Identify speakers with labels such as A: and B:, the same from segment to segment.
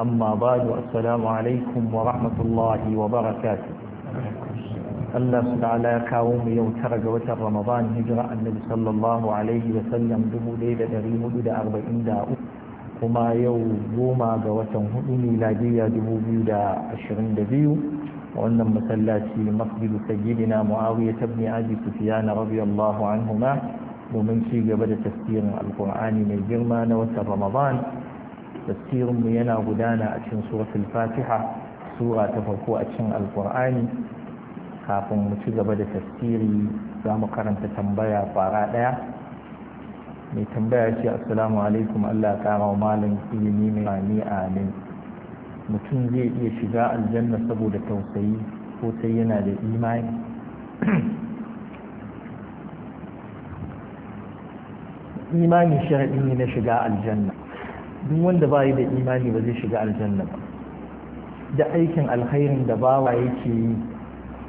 A: أما بعد والسلام عليكم ورحمة الله وبركاته الله تعالى كاوم يوم ترق وتر رمضان هجرة النبي صلى الله عليه وسلم دمو ليلة دريم إلى أربعين داء وما يوم يوم قوته إني لاجية دمو بيدا عشرين دبيو وأن مسلاتي مسجد سيدنا معاوية بن أبي سفيان رضي الله عنهما ومن في قبل تفسير القرآن من جرمان وتر رمضان tafsirinmu yana gudana a cikin suratul fatiha sura ta farko a cikin alkur'ani kafin mu ci gaba da tafsiri za mu karanta tambaya fara ɗaya mai tambaya ce assalamu alaikum allah kara wa malam ilimi mai rani amin mutum zai iya shiga aljanna saboda tausayi ko sai yana da imani imani ne na shiga aljanna duk wanda ba yi da imani ba zai shiga aljanna ba da aikin alkhairin da bawa yake yi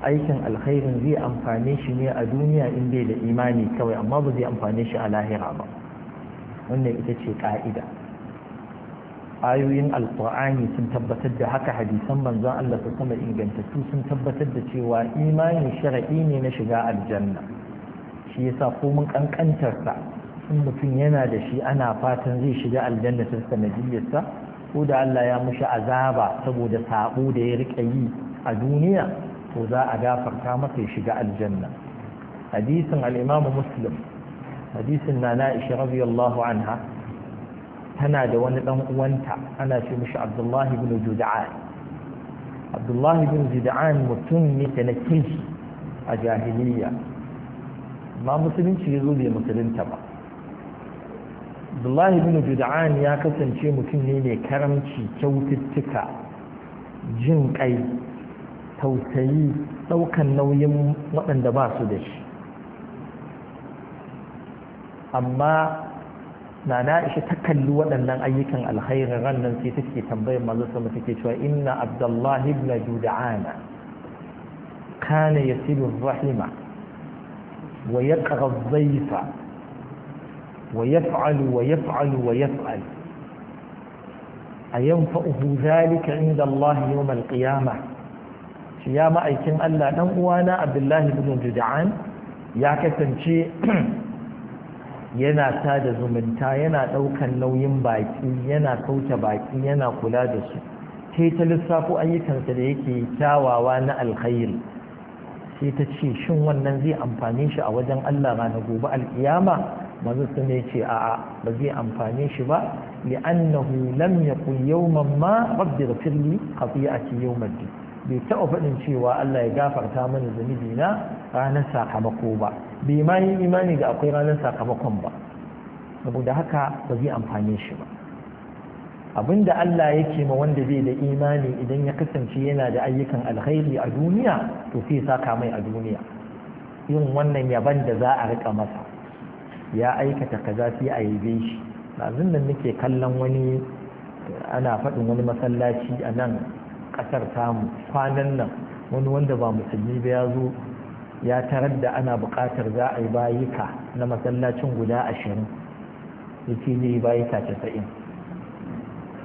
A: aikin alkhairin zai amfane shi ne a duniya in bai da imani kawai amma ba zai amfane shi a lahira ba wannan ita ce ka'ida ayoyin alkur'ani sun tabbatar da haka hadisan manzon Allah su sama ingantattu sun tabbatar da cewa imani shara'i ne na shiga aljanna shi yasa ko mun kankantar sa in mutum yana da shi ana fatan zai shiga aljanna ta sanadiyarsa ko da Allah ya mushi azaba saboda sabo da ya rika yi a duniya to za a gafarta masa ya shiga aljanna hadisin al-Imam Muslim hadisin Nana Aisha radiyallahu anha tana da wani dan uwanta ana ce mishi Abdullahi ibn Jud'an Abdullahi ibn Jud'an mutum ne da nake a jahiliya ma musulunci yazo bai musulunta ba Abdullahi bin jud'an ya kasance mutum ne mai karamci kyaututtuka jin kai tausayi ɗaukan nauyin waɗanda ba su da shi amma na na ishi ta kalli waɗannan ayyukan alkhairin rannan sai take tambayar manzo sama take cewa inna abdullahi ibn jud'ana kana yasilu rahima wa yaqra dhayfa ويفعل ويفعل ويفعل أينفعه ذلك عند الله يوم القيامة يا ما uwana ألا نموانا عبد الله بن جدعان يا كتنشي yana tada zumunta yana ɗaukan nauyin baki yana kauce baki yana kula da su sai ta lissafo ayyukansa da yake kyawawa na alkhairi sai ta ce shin wannan zai amfani shi a wajen Allah na gobe alkiyama manzo sun ne ce a'a ba zai amfane shi ba li'annahu lam yaqul yawman ma rabbi ghfirli khati'ati yawmiddin bai taɓa faɗin cewa Allah ya gafarta mana zunubi na ranar sakamako ba bai ma yi imani da akwai ranar sakamakon ba saboda haka ba zai amfane shi ba abinda Allah yake ma wanda bai da imani idan ya kasance yana da ayyukan alkhairi a duniya to sai saka mai a duniya yin wannan yaban da za a rika masa ya aikata kaza sai a yabe shi ɗazun nan nake kallon wani ana faɗin wani masallaci a nan ƙasar tamu kwanan nan wani wanda ba musulmi ba ya zo ya tarar da ana buƙatar za a yi bayika na masallacin guda ashirin ya ce zai yi bayika casa'in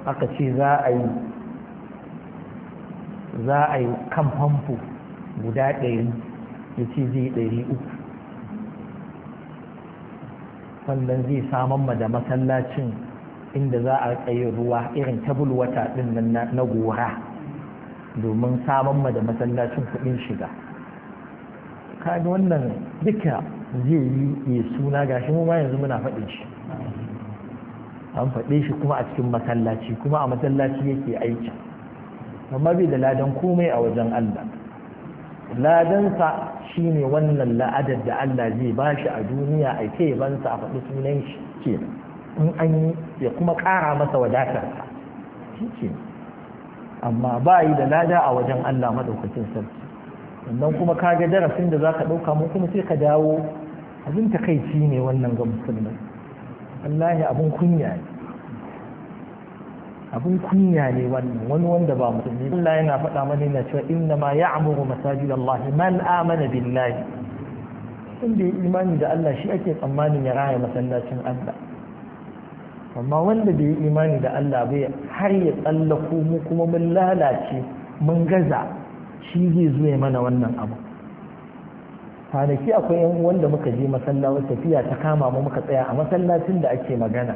A: aka ce za a yi za a yi kan famfo guda ɗari ya ce zai ɗari uku sannan zai saman ma da masallacin inda za a tsaye ruwa irin tabul wata din nan na gora domin saman ma da masallacin kuɗin shiga kaga wannan duka zai yi ya suna ga shi ma yanzu muna faɗin shi an faɗe shi kuma a cikin masallaci kuma a masallaci yake aiki amma bai da ladan komai a wajen Allah ladansa shine wannan la'adar da Allah zai ba shi a duniya a ke bansa a faɗi sunan shi ke in an ya kuma ƙara masa wadatar shi ke amma ba yi da lada a wajen Allah maɗaukacin sarki sannan kuma ka ga darasin da za ka ɗauka mu kuma sai ka dawo abin takaici ne wannan ga musulmai wallahi abin kunya ne abin kunya ne wannan wani wanda ba musulmi Allah yana faɗa mana yana cewa inna ma ya'muru masajid Allah man amana billahi inda ya imani da Allah shi ake tsammanin ya raya masallacin Allah amma wanda bai imani da Allah bai har ya tsallako mu kuma mun lalace mun gaza shi zai zo ya mana wannan abu kwanaki akwai yan wanda muka je masallawa tafiya ta kama mu muka tsaya a masallacin da ake magana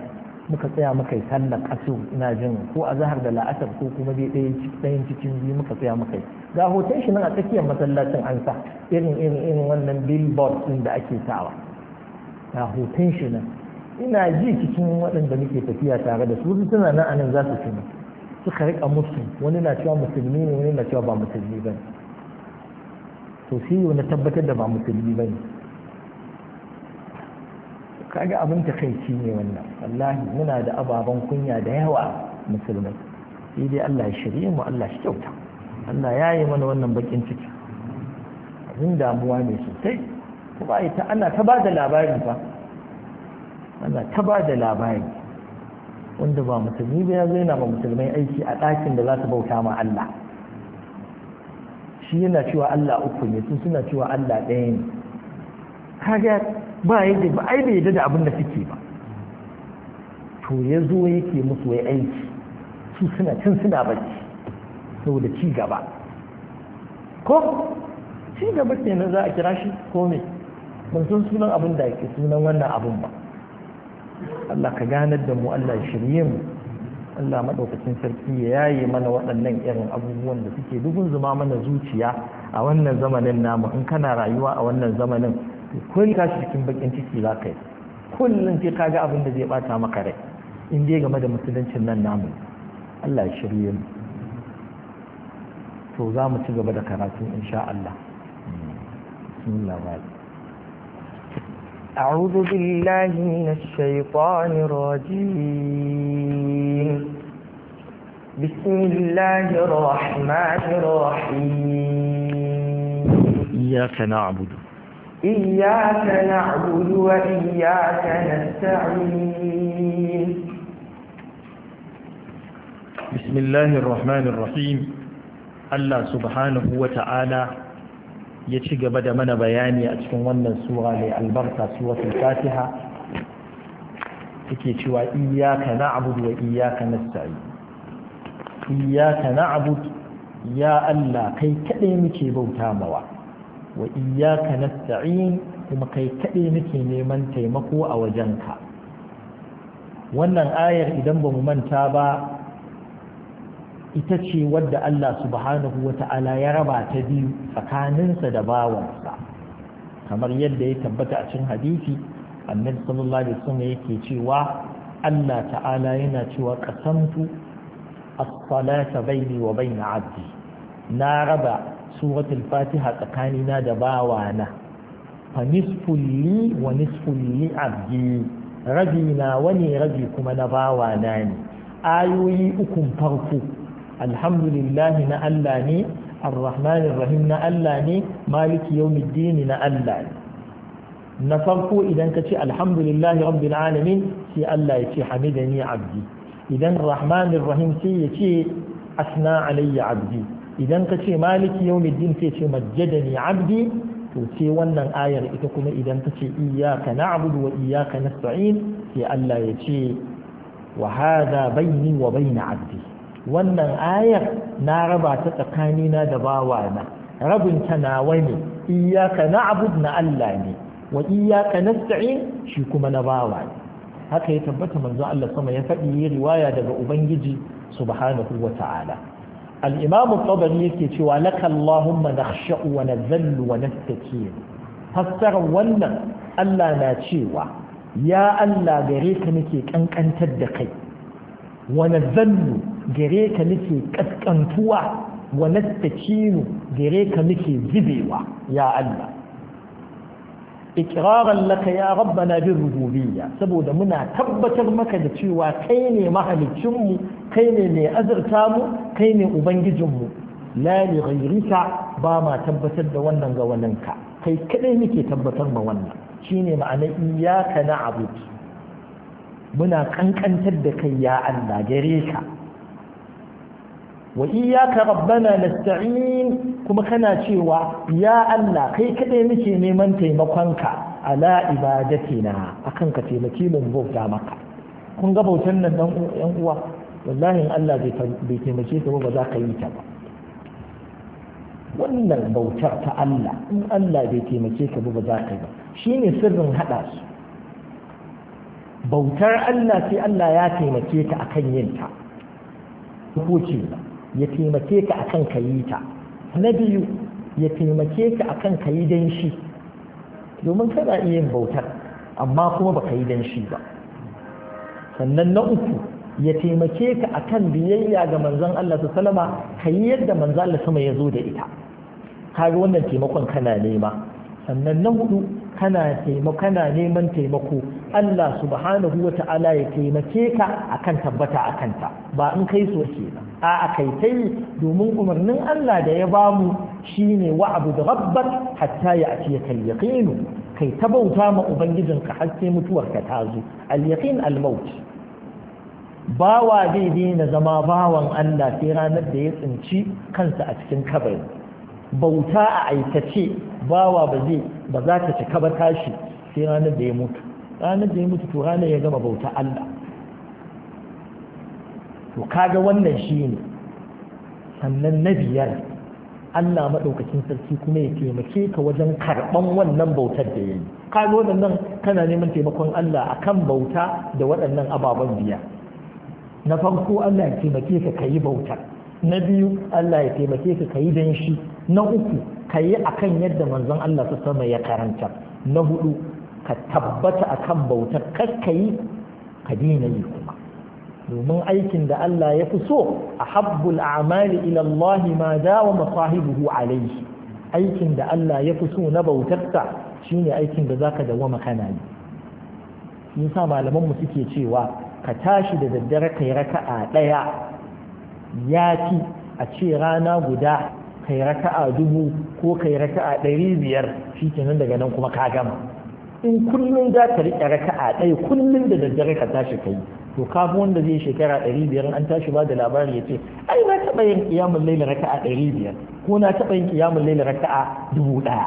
A: muka tsaya muka yi sallar kasu ina jin ko a zahar da la'asar ko kuma ɗaya ɗayan cikin biyu muka tsaya muka yi ga hoton shi nan a tsakiyar masallacin ansa sa irin irin irin wannan billboard din da ake sawa ga hoton shi nan ina ji cikin waɗanda muke tafiya tare da su suna nan anan za su tuna suka riƙa musu wani na cewa musulmi ne wani na cewa ba musulmi ba ne. to sai na tabbatar da ba musulmi ba ne kaga abin takaici ne wannan wallahi muna da ababen kunya da yawa musulmai sai dai Allah ya shirye mu Allah shi kyauta Allah ya yi mana wannan bakin ciki abin damuwa ne sosai kuma ita ana ta ba da labari ba ana ta ba da labari wanda ba musulmi ba ya zai yana ba musulmai aiki a ɗakin da za su bauta ma Allah shi yana cewa Allah uku ne su suna cewa Allah ɗaya ne kaga ba yadda ba ai bai yadda da abin da suke ba to ya zo yake musu wai aiki su suna cin suna bacci saboda ci gaba ko ci gaba na za a kira shi ko me ban san sunan abin da yake sunan wannan abin ba Allah ka ganar da mu Allah shirye mu Allah maɗaukacin sarki ya yaye mana waɗannan irin abubuwan da suke dugun zuma mana zuciya a wannan zamanin namu in kana rayuwa a wannan zamanin ko ni tashi cikin bakin ciki za ka yi kullum sai ka ga abin da zai bata maka rai in dai game da musuluncin nan namu Allah ya shirye mu to za mu ci gaba da karatu insha Allah bismillah أعوذ بالله من الشيطان الرجيم بسم الله الرحمن الرحيم إياك نعبد إياك نعبد وإياك نستعين بسم الله الرحمن الرحيم الله سبحانه وتعالى يتشق بدا من بياني أتكون ومن سورة للبركة سورة الفاتحة تكيتوا إياك نعبد وإياك نستعين إياك نعبد يا الله كي كلمك بوتا موات wa iyyaka nasta'in kuma kai kaɗai nake neman taimako a wajenka wannan ayar idan ba mu manta ba ita ce wadda Allah subhanahu wa ta'ala ya raba ta biyu tsakaninsa da bawansa kamar yadda ya tabbata a cikin hadisi annabi sallallahu alaihi wasallam yake cewa Allah ta'ala yana cewa qasamtu as-salata baini wa baina 'abdi na raba suratul fatiha tsakanina da bawana fa nisful li wa nisful li abdi rabi na wani rabi kuma na bawana ne ayoyi ukun farko alhamdulillah na Allah ne الرحمن الرحيم نألا ني مالك يوم الدين نألا kace إذا كتي الحمد لله رب العالمين سي ألا يتي حمدني عبدي إذا الرحمن الرحيم سي يتي أثنى علي عبدي idan ka ce maliki yau din sai ce majjadani abdi to ce wannan ayar ita kuma idan ka ce iyaka abudu wa iyaka sa'in sai Allah ya ce wa hada baini wa baina abdi wannan ayar na raba ta tsakanina da bawana rabin ta nawa ne iyaka abudu na Allah ne wa iyaka sa'in shi kuma na bawa ne haka ya tabbata manzo Allah sama ya faɗi riwaya daga ubangiji subhanahu wa ta'ala الإمام الطبري يكتوى لك اللهم نخشع ونذل ونستكين فسر ون ألا ناتشيوى يا ألا غريك نكي كنك أنت الدقي ونذل غريك نكي كسكنتوى ونستكين غريك نكي زبيوى يا الله ikiraran laka ya rabbana bin rububiyya saboda muna tabbatar maka da cewa kai ne mahalicinmu kai ne mai azurta mu kai ne ubangijinmu la li ghayrika ba ma tabbatar da wannan ga ka kai kadai muke tabbatar ma wannan shine ma'ana iyyaka na'budu muna kankantar da kai ya Allah gare ka wa iyyaka rabbana nasta'in kuma kana cewa ya Allah kai kadai muke neman taimakonka ala ibadatina akan ka taimake mu bauta maka kun ga bautan nan dan yan uwa wallahi Allah bai taimake ka ba za ka yi ta ba wannan bautar ta Allah in Allah bai taimake ka ba za ka yi ba shine sirrin hada su bautar Allah sai Allah ya taimake ka akan yin ta ko ce ba ya taimake ka akan ka yi ta na biyu ya taimake ka akan ka yi don shi domin kana iya yin bautar amma kuma baka yi don shi ba sannan na uku ya taimake ka akan biyayya ga manzon Allah ta salama ka yi yadda manzon Allah sama ya zo da ita kaga wannan taimakon kana nema sannan na hudu kana neman taimako Allah subhanahu wa ta'ala ya taimake ka akan tabbata a kanta, ba in kai so ba. a kai tai domin umarnin Allah da ya bamu shine da rabbak hatta ya al-yaqin kai ta bauta ma ubangijinka har sai ka ta zo al-yaqin al-maut bawa zai daina zama bawan Allah sai ranar da ya tsinci kansa a cikin kabari bauta a aikace bawa ba zai ba za ta cika ba tashi sai ranar da ya mutu ranar da ya mutu to ranar ya gama bauta Allah to kaga wannan shi ne sannan na biyar Allah maɗaukacin sarki kuma ya taimake ka wajen karɓan wannan bautar da ya yi kaga waɗannan kana neman taimakon Allah akan bauta da waɗannan ababen biya na farko Allah ya taimake ka ka yi bautar na biyu Allah ya taimake ka ka yi na uku ka yi akan yadda manzon Allah ta sama ya karanta na hudu ka tabbata a kan bautar kakkayi ka dina yi kuma domin aikin da Allah ya fi so a habbul amali ilallahi Allah ma dawa masahibuhu alaihi aikin da Allah ya fi so na bautarsa shine aikin da zaka dawama kana yi yasa malaman mu suke cewa ka tashi da daddare kai raka'a daya yafi a ce rana guda kai raka'a dubu ko kai raka'a ɗari biyar shi kenan daga nan kuma ka gama in kullum za ka riƙe raka'a ɗaya kullum da daddare ka tashi kai to kafi wanda zai shekara ɗari biyar an tashi ba da labari ya ce ai na taɓa yin ƙiyamun laila raka'a ɗari biyar ko na taɓa yin ƙiyamun laila raka'a dubu ɗaya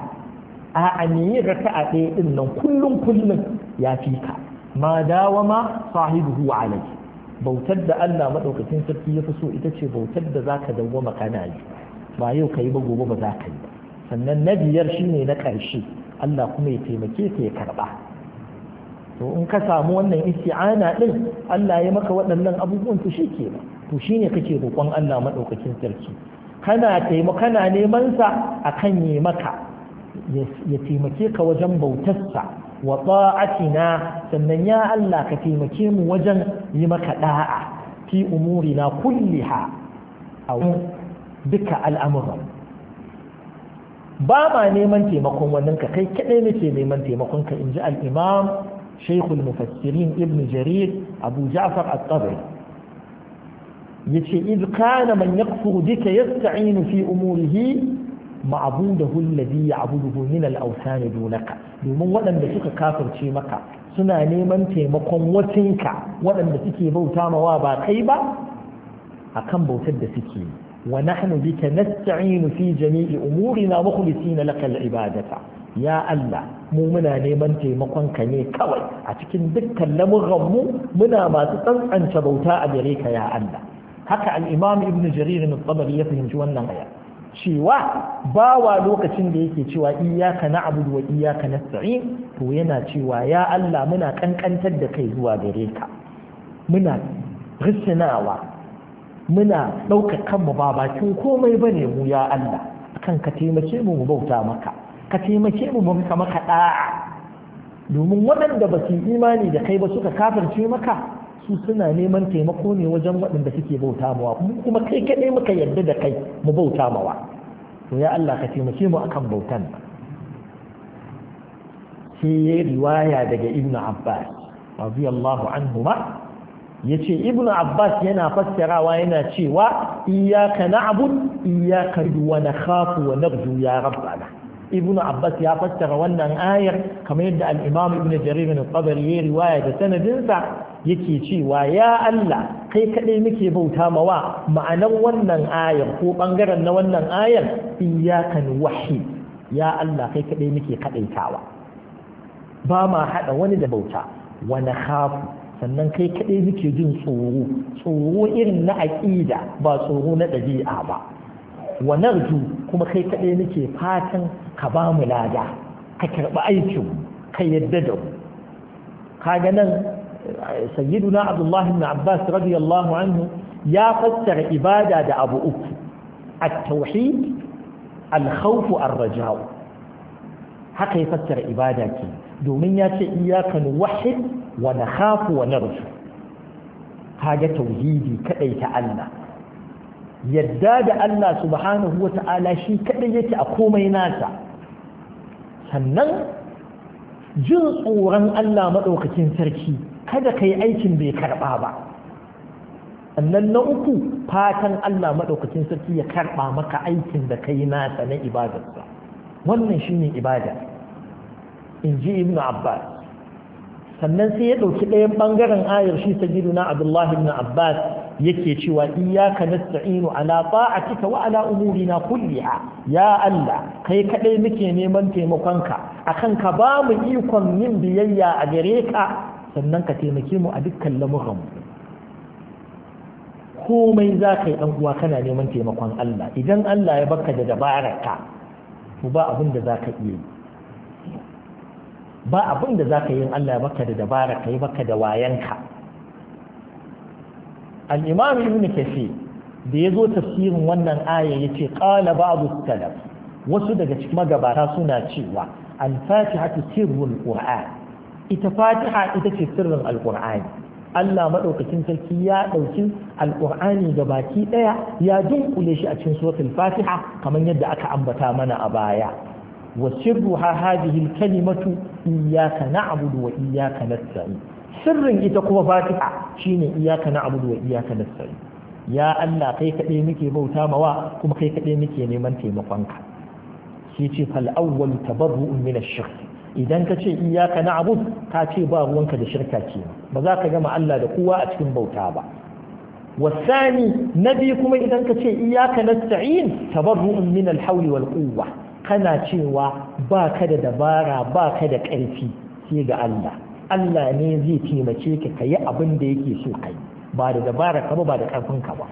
A: a'a me yin raka'a ɗaya ɗin nan kullum kullum ya fi ka ma dawama sahibuhu alayhi bautar da Allah maɗaukacin sarki ya fi so ita ce bautar da zaka dawwama kana yi ba yau yi ba gobe ba za ka yi sannan na biyar shine na ƙarshe Allah kuma ya taimake ka ya karba to in ka samu wannan isti'ana din Allah ya maka waɗannan abubuwan to ba. to shine kake roƙon Allah madaukakin sarki kana taimako kana neman sa akan yi maka ya taimake ka wajen bautarsa wa ta'atina sannan ya Allah ka taimake mu wajen yi maka da'a fi umurina kulliha a duka al'amuran ba ma neman taimakon wannan ka kai Kaɗai nake neman taimakon ka inji al-imam shaykhul mufassirin ibn jarir abu ja'far at-tabari yace id kana man yaqfu bika yasta'inu fi umurihi ma'budahu alladhi ya'buduhu min al-awthan dunaka domin waɗanda suka kafirce maka suna neman taimakon watinka waɗanda suke bauta mawa ba kai ba akan bautar da suke yi ونحن بك نستعين في جميع أمورنا مخلصين لك العبادة يا الله mu muna neman taimakonka ne kawai a cikin dukkan lamuranmu muna masu tsantsance bauta a gare ka ya Allah haka al-Imam Ibn Jarir al-Tabari ya fahimci wannan aya cewa bawa lokacin da yake cewa iyyaka na'budu wa iyyaka nasta'in to yana cewa ya Allah muna kankantar da kai zuwa gare ka muna risinawa muna ɗaukar kanmu ba bakin komai ba ne mu ya Allah kan ka taimake mu mu bauta maka ka taimake mu mu maka ɗa'a domin waɗanda ba su imani da kai ba suka kafirce maka su suna neman taimako ne wajen waɗanda suke bauta mawa kuma kai kaɗai muka yarda da kai mu bauta mawa to ya Allah ka taimake mu akan bautan sai ya riwaya daga ibnu abbas radiyallahu anhuma Ya ce ibnu abbas yana fassarawa yana cewa iyyaka na'bud iyyaka wa nakhafu wa narju ya rabbana Ibn abbas ya fassara wannan ayar kamar yadda al-imam ibn jarir ibn tabari ya riwaya da sanadin sa yake cewa ya Allah kai kadai muke bauta mawa ma'anar wannan ayar ko bangaren na wannan ayar iyyaka nuwahhid ya Allah kai kadai muke kadaitawa ba ma hada wani da bauta wa nakhafu sannan kai kaɗai muke jin tsoro tsoro irin na aƙida ba tsoro na ɗabi'a ba wa narju kuma kai kaɗai muke fatan ka ba mu lada ka karɓi aikin ka yadda da mu kaga nan sayyiduna abdullahi ibn abbas radiyallahu anhu ya fassara ibada da abu uku at-tauhid al-khawf ar-raja'u haka ya fassara ibada ke domin ya ce iyaka nuwahid wa nakhafu wa narju kaga tauhidi kadai ta Allah yadda da Allah subhanahu wa ta'ala shi kadai yake a komai nasa sannan jin tsoron Allah maɗaukacin sarki kada ka yi aikin bai karɓa ba sannan na uku fatan Allah maɗaukacin sarki ya karɓa maka aikin da ka yi nasa na ibadarsa wannan shi ne ibada Inji ji ibn abbas sannan sai ya ɗauki ɗayan ɓangaren ayar shi ta na abdullahi ibn abbas yake cewa iyaka nasta'inu ala ta'atika wa ala umurina kulliha ya Allah kai kadai muke neman taimakonka akan ka ba mu ikon yin biyayya a gare ka sannan ka taimake mu a dukkan lamuran komai za ka yi uwa kana neman taimakon Allah idan Allah ya baka da dabararka to ba abin da za ka iya yi ba abin da za ka yi Allah baka da dabara ka yi baka da wayanka al'imam ibn kafi da ya zo tafsirin wannan aya ya ce ƙala ba'adu talab wasu daga cikin magabata suna cewa al-fatiha ta sirrul qur'an ita fatiha ita ce sirrin al-qur'ani Allah maɗaukacin sarki ya ɗauki al-qur'ani ga baki ɗaya ya dunkule shi a cikin suratul fatiha kamar yadda aka ambata mana a baya وسرها هذه الكلمة إياك نعبد وإياك نستعين سر إتقوى فاتحة شين إياك نعبد وإياك نستعين يا الله كيف أديمك بوتا موا كم كيف أديمك ينمن تيمقنك سيتي فالأول تبرؤ من الشرك idan ka ce iyaka na abu ka ce ba ruwanka da shirka ce ba za ka gama Allah da kowa a cikin bauta ba wasani na biyu kuma idan ka ce iyaka nasta'in tabarru'un min kana cewa ba ka da dabara ba ka da ƙarfi sai ga Allah Allah ne zai taimake ka ka yi abin da yake so ka yi ba da dabara ka ba ba da ƙarfin ka ba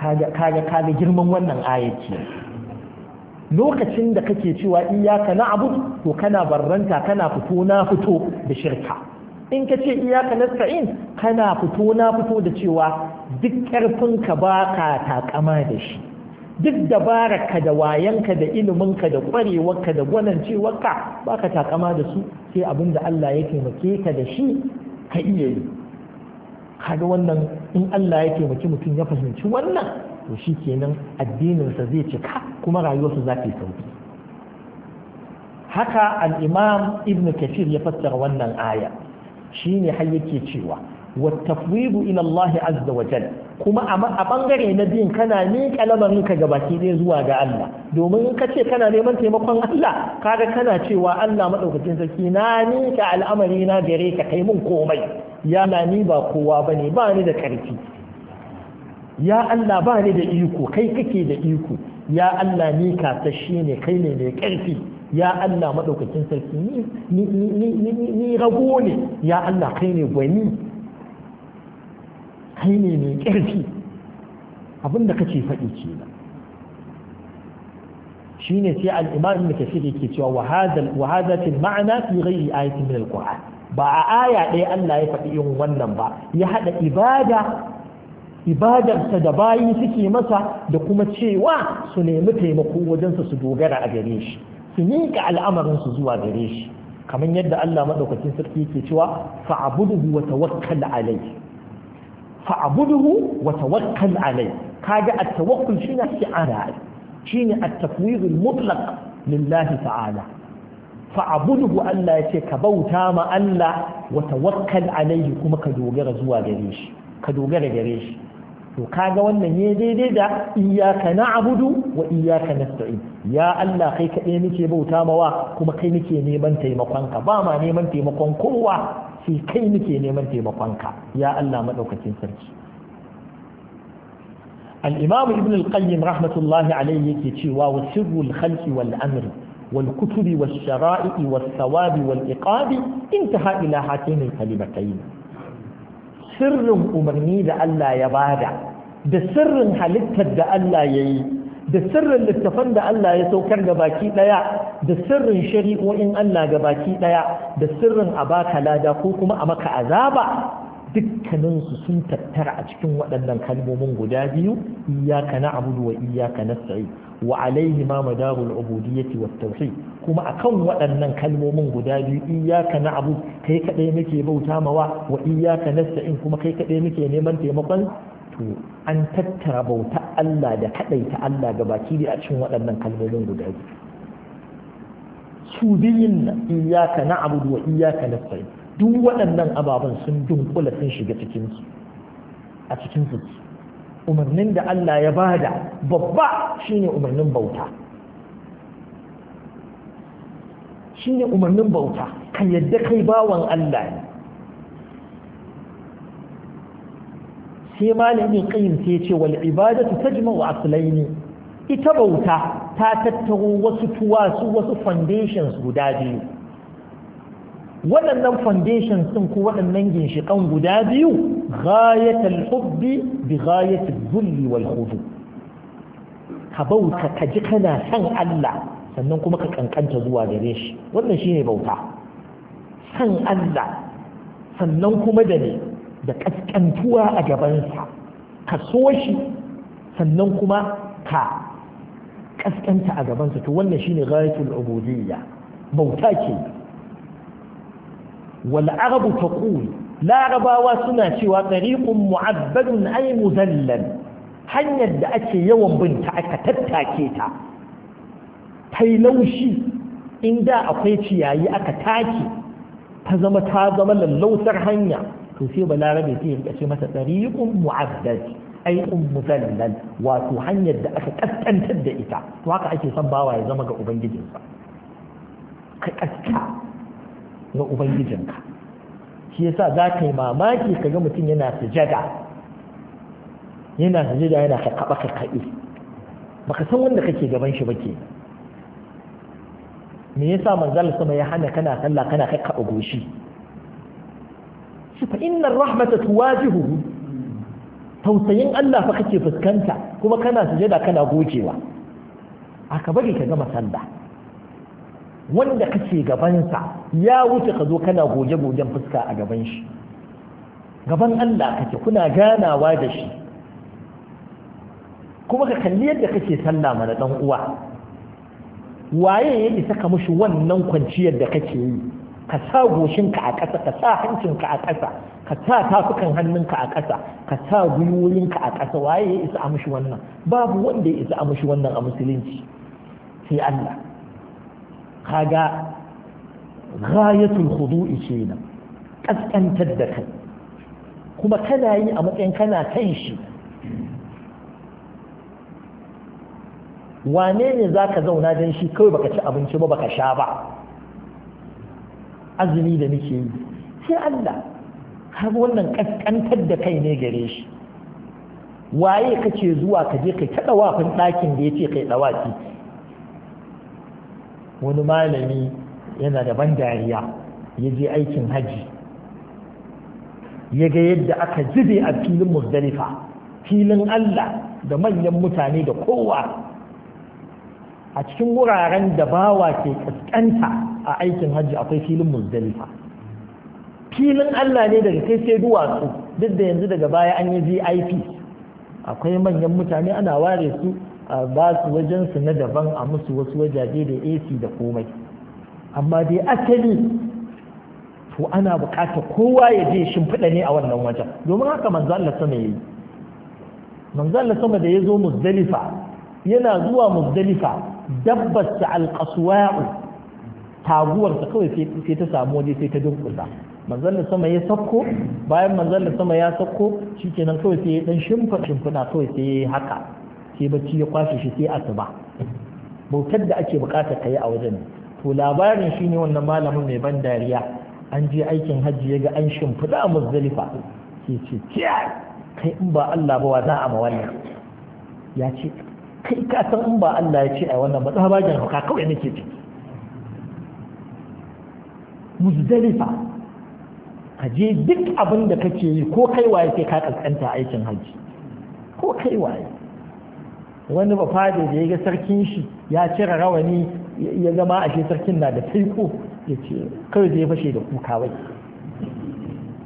A: kaga kaga girman wannan ayyaci lokacin da kake cewa iyaka na abu to kana barranta kana fito na fito da shirka in ka ce iyaka nasta'in kana fito na fito da cewa duk ƙarfin ka ba ka takama da shi duk dabararka da wayanka da iliminka da kwarewarka da gwanancewarka ba ka takama da su sai abin da Allah ya taimake ka da shi ka iya yi kaga wannan in Allah ya taimaki mutum ya fahimci wannan to shi kenan addininsa zai cika kuma rayuwarsa za ta yi sauki haka al'imam ibn kafir ya fassara wannan aya shi ne har yake cewa wa tafwidu ila Allah azza wa jalla kuma a bangare na biyun kana miƙa lamarinka ga baki ɗaya zuwa ga Allah domin in ka ce kana neman taimakon Allah kaga kana cewa Allah maɗaukacin sarki na miƙa al'amari na gare ka kai mun komai ya na ni ba kowa bane ba ni da ƙarfi ya Allah ba ni da iko kai kake da iko ya Allah ni kasashe ne kai ne mai ƙarfi ya Allah maɗaukacin sarki ni rago ne ya Allah kai ne gwani kai ne mai ƙarfi abinda kace faɗi ke nan shi ne sai al'imam da tafi da ke cewa wahadatin ma'ana fi ghairi ayatin min alquran ba a aya ɗaya Allah ya faɗi yin wannan ba ya haɗa ibada ibadarsa da bayi suke masa da kuma cewa su nemi taimako wajensa su dogara a gare shi su miƙa al'amarinsu zuwa gare shi kamar yadda Allah maɗaukakin sarki ke cewa fa'buduhu wa tawakkal alayhi fa'buduhu wa tawakkal alai kaga at-tawakkul shine isti'ana shine at-tafwid al-mutlaq lillahi ta'ala fa'buduhu Allah yace ka bauta ma Allah wa tawakkal alaihi kuma ka dogara zuwa gare shi ka dogara gare shi to kaga wannan ne daidai da iyyaka na'budu wa iyyaka nasta'in ya Allah kai kaɗai nake bauta mawa kuma kai nake neman taimakon ka ba ma neman taimakon kowa sai kai nake neman taimakon ka ya Allah madaukakin sarki al-imam ibn al-qayyim rahmatullahi alayhi yake cewa wa sirrul khalqi wal amri والكتب والشرائع والثواب والإقاب انتهى إلى هاتين الكلمتين sirrin umarni da Allah ya bada da sirrin halittar da Allah ya yi da sirrin littafan da Allah ya saukar ga baki ɗaya, da sirrin shari'o'in Allah ga baki ɗaya, da sirrin a baka lada ko kuma a maka azaba dukkaninsu sun tattara a cikin waɗannan kalmomin guda biyu iyaka na abudu wa iyaka na sa'i wa alaihi ma madarul ubudiyyati wat tauhid kuma akan waɗannan kalmomin guda biyu iyaka na abu kai kadai muke bauta mawa wa iyaka sa'in kuma kai kadai muke neman taimakon to an tattara bauta Allah da kadaita Allah ga baki da a cikin waɗannan kalmomin guda biyu su biyun iyaka na abu wa iyaka nasta'in duk waɗannan ababen sun dunkula sun shiga cikinsu a cikin su umarnin da Allah ya bada babba shine umarnin bauta shine umarnin bauta kan yadda kai bawan Allah ne sai malamin qayyim sai ce wal ibadatu tajma'u aslaini ita bauta ta tattaro wasu tuwasu wasu foundations guda biyu waɗannan foundation sun ko waɗannan ginshiƙan guda biyu ghayatul hubbi bi ghayatul zulli wal khudu ka bauta ka ji kana san Allah sannan kuma ka kankanta zuwa gare shi wannan shine bauta san Allah sannan kuma da ne da kaskantuwa a gabansa ka so shi sannan kuma ka kaskanta a gabansa to wannan shine ghayatul ubudiyya bauta ke wal arabu taqul larabawa suna cewa tariqun mu'abbadun ay muzallal hanyar da ake yawan binta aka tattake ta tai laushi inda akwai ciyayi aka take ta zama ta zama lallausar hanya to sai balarabe sai ya rikace mata tariqun mu'abbad ai muzallal wato hanyar da aka kaskantar da ita to haka ake son bawa ya zama ga ubangijinsa ka kaska na ubangijinka shi yasa za ka yi mamaki ka ga mutum yana sujada yana sujada yana kakkaɓa Ba ka san wanda kake gaban shi ba ke me yasa manzal sama ya hana kana sallah kana kakkaɓa goshi shi fa inna rahmata tuwajihu tausayin Allah fa kake fuskanta kuma kana sujada kana gogewa aka bari ka gama sallah wanda kake gabansa ya wuce ka zo kana goge-gogen fuska a gaban shi gaban Allah kake kuna ganawa da shi kuma ka kalli yadda kake sallah mana dan uwa waye ya isa ka mushi wannan kwanciyar da kake yi ka sa goshinka a ƙasa ka sa hancinka a ƙasa ka sa tafukan hannunka a ƙasa ka sa gwiwoyinka a ƙasa waye ya isa a mushi wannan babu wanda ya isa a mushi wannan a musulunci sai Allah kaga ghayatul khudu'i kenan kaskantar da kai kuma kana yi a matsayin kana kan shi wane ne za ka zauna don shi kawai baka ci abinci ba baka sha ba azumi da nake yi sai Allah har wannan kaskantar da kai ne gare shi waye kace zuwa ka je kai ta wafin ɗakin da yace kai dawafi wani malami yana da ban dariya ya je aikin haji ya ga yadda aka zube a filin muzdalifa filin Allah da manyan mutane da kowa a cikin wuraren da bawa ke kaskanta a aikin hajji akwai filin muzdalifa filin Allah ne daga kai sai duwatsu duk da yanzu daga baya an yi VIP akwai manyan mutane ana ware su a ba su wajensu na daban a musu wasu wajaje da ac da komai amma dai asali to ana bukata kowa ya je shimfiɗa ne a wannan wajen domin haka manzo Allah sama yayi manzo Allah sama da yazo muzdalifa yana zuwa muzdalifa dabbar ta alqaswa'u taguwar ta kawai sai ta samu waje sai ta dunkula manzo Allah sama ya sako bayan manzo Allah sama ya sako shikenan kawai sai dan shimfa shimfina kawai sai haka sai bacci ya kwashe shi sai asuba bautar da ake bukatar ka yi a wajen to labarin shi ne wannan malamin mai ban dariya an je aikin hajji ya ga an shimfiɗa a muzdalifa ke ce kai in ba Allah ba wa za a ma wannan ya ce kai ka san in ba Allah ya ce a wannan ba tsabagen hauka kawai nake ciki muzdalifa ka je duk abin da kake yi ko kai waye sai ka kaskanta aikin hajji ko kai waye wani ba da ya ga sarkin shi ya cire rawani ya zama ashe sarkin na da taiko ya ce kawai zai fashe da kuka wai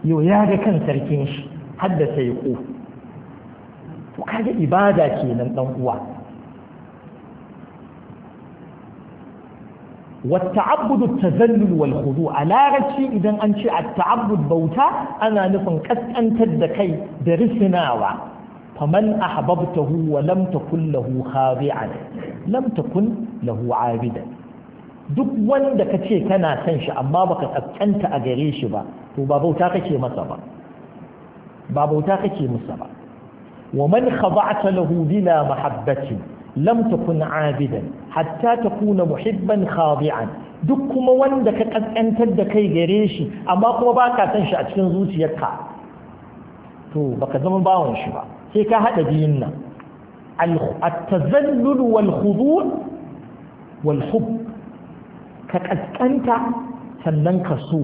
A: yau ya ga kan sarkin shi har da taiko to kaga ibada kenan dan uwa والتعبد التذلل والخضوع idan رشي إذا أنشأ التعبد ana nufin نفن da kai da risinawa. faman ahbabtahu wa lam takun lahu khabi'an lam takun lahu 'abidan duk wanda kace kana son shi amma baka tsakkanta a gare shi ba to ba bauta kake masa ba ba bauta kake masa ba wa man khada'ta lahu bila mahabbati lam takun 'abidan hatta takuna muhibban khadi'an duk kuma wanda ka kaskantar da kai gare shi amma kuma baka son shi a cikin zuciyarka to baka zama bawon shi ba sai ka haɗa biyun nan التذلل والخضوع والحب ka kaskanta sannan ka so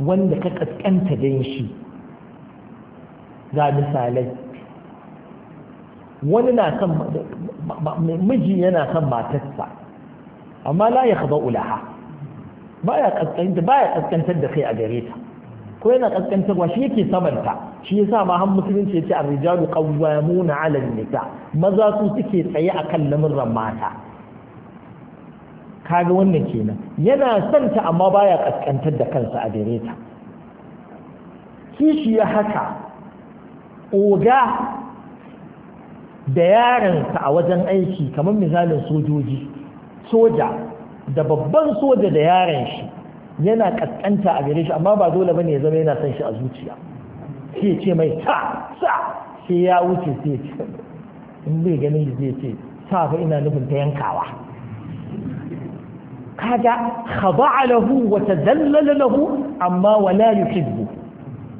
A: wanda ka kaskanta don shi misalai wani miji yana kan matarsa amma la ya kaba ulaha ba ya kaskantar da kai a gareta. ko yana kaskantarwa shi yake samanta shi yasa ma han musulunci yace ar-rijalu qawwamuna 'ala an-nisa maza su suke tsaye akan lamuran mata kaga wannan kenan yana santa amma baya kaskantar da kansa a dare ta kishi ya haka oga da yaransa a wajen aiki kamar misalin sojoji soja da babban soja da yaran shi yana kaskanta a gare shi amma ba dole bane ya zama yana son shi a zuciya sai ce mai ta sa sai ya wuce sai ce in bai ganin shi zai ce sa fa ina nufin ta yankawa kaga khada'a lahu wa tadallala lahu amma wala yuhibbu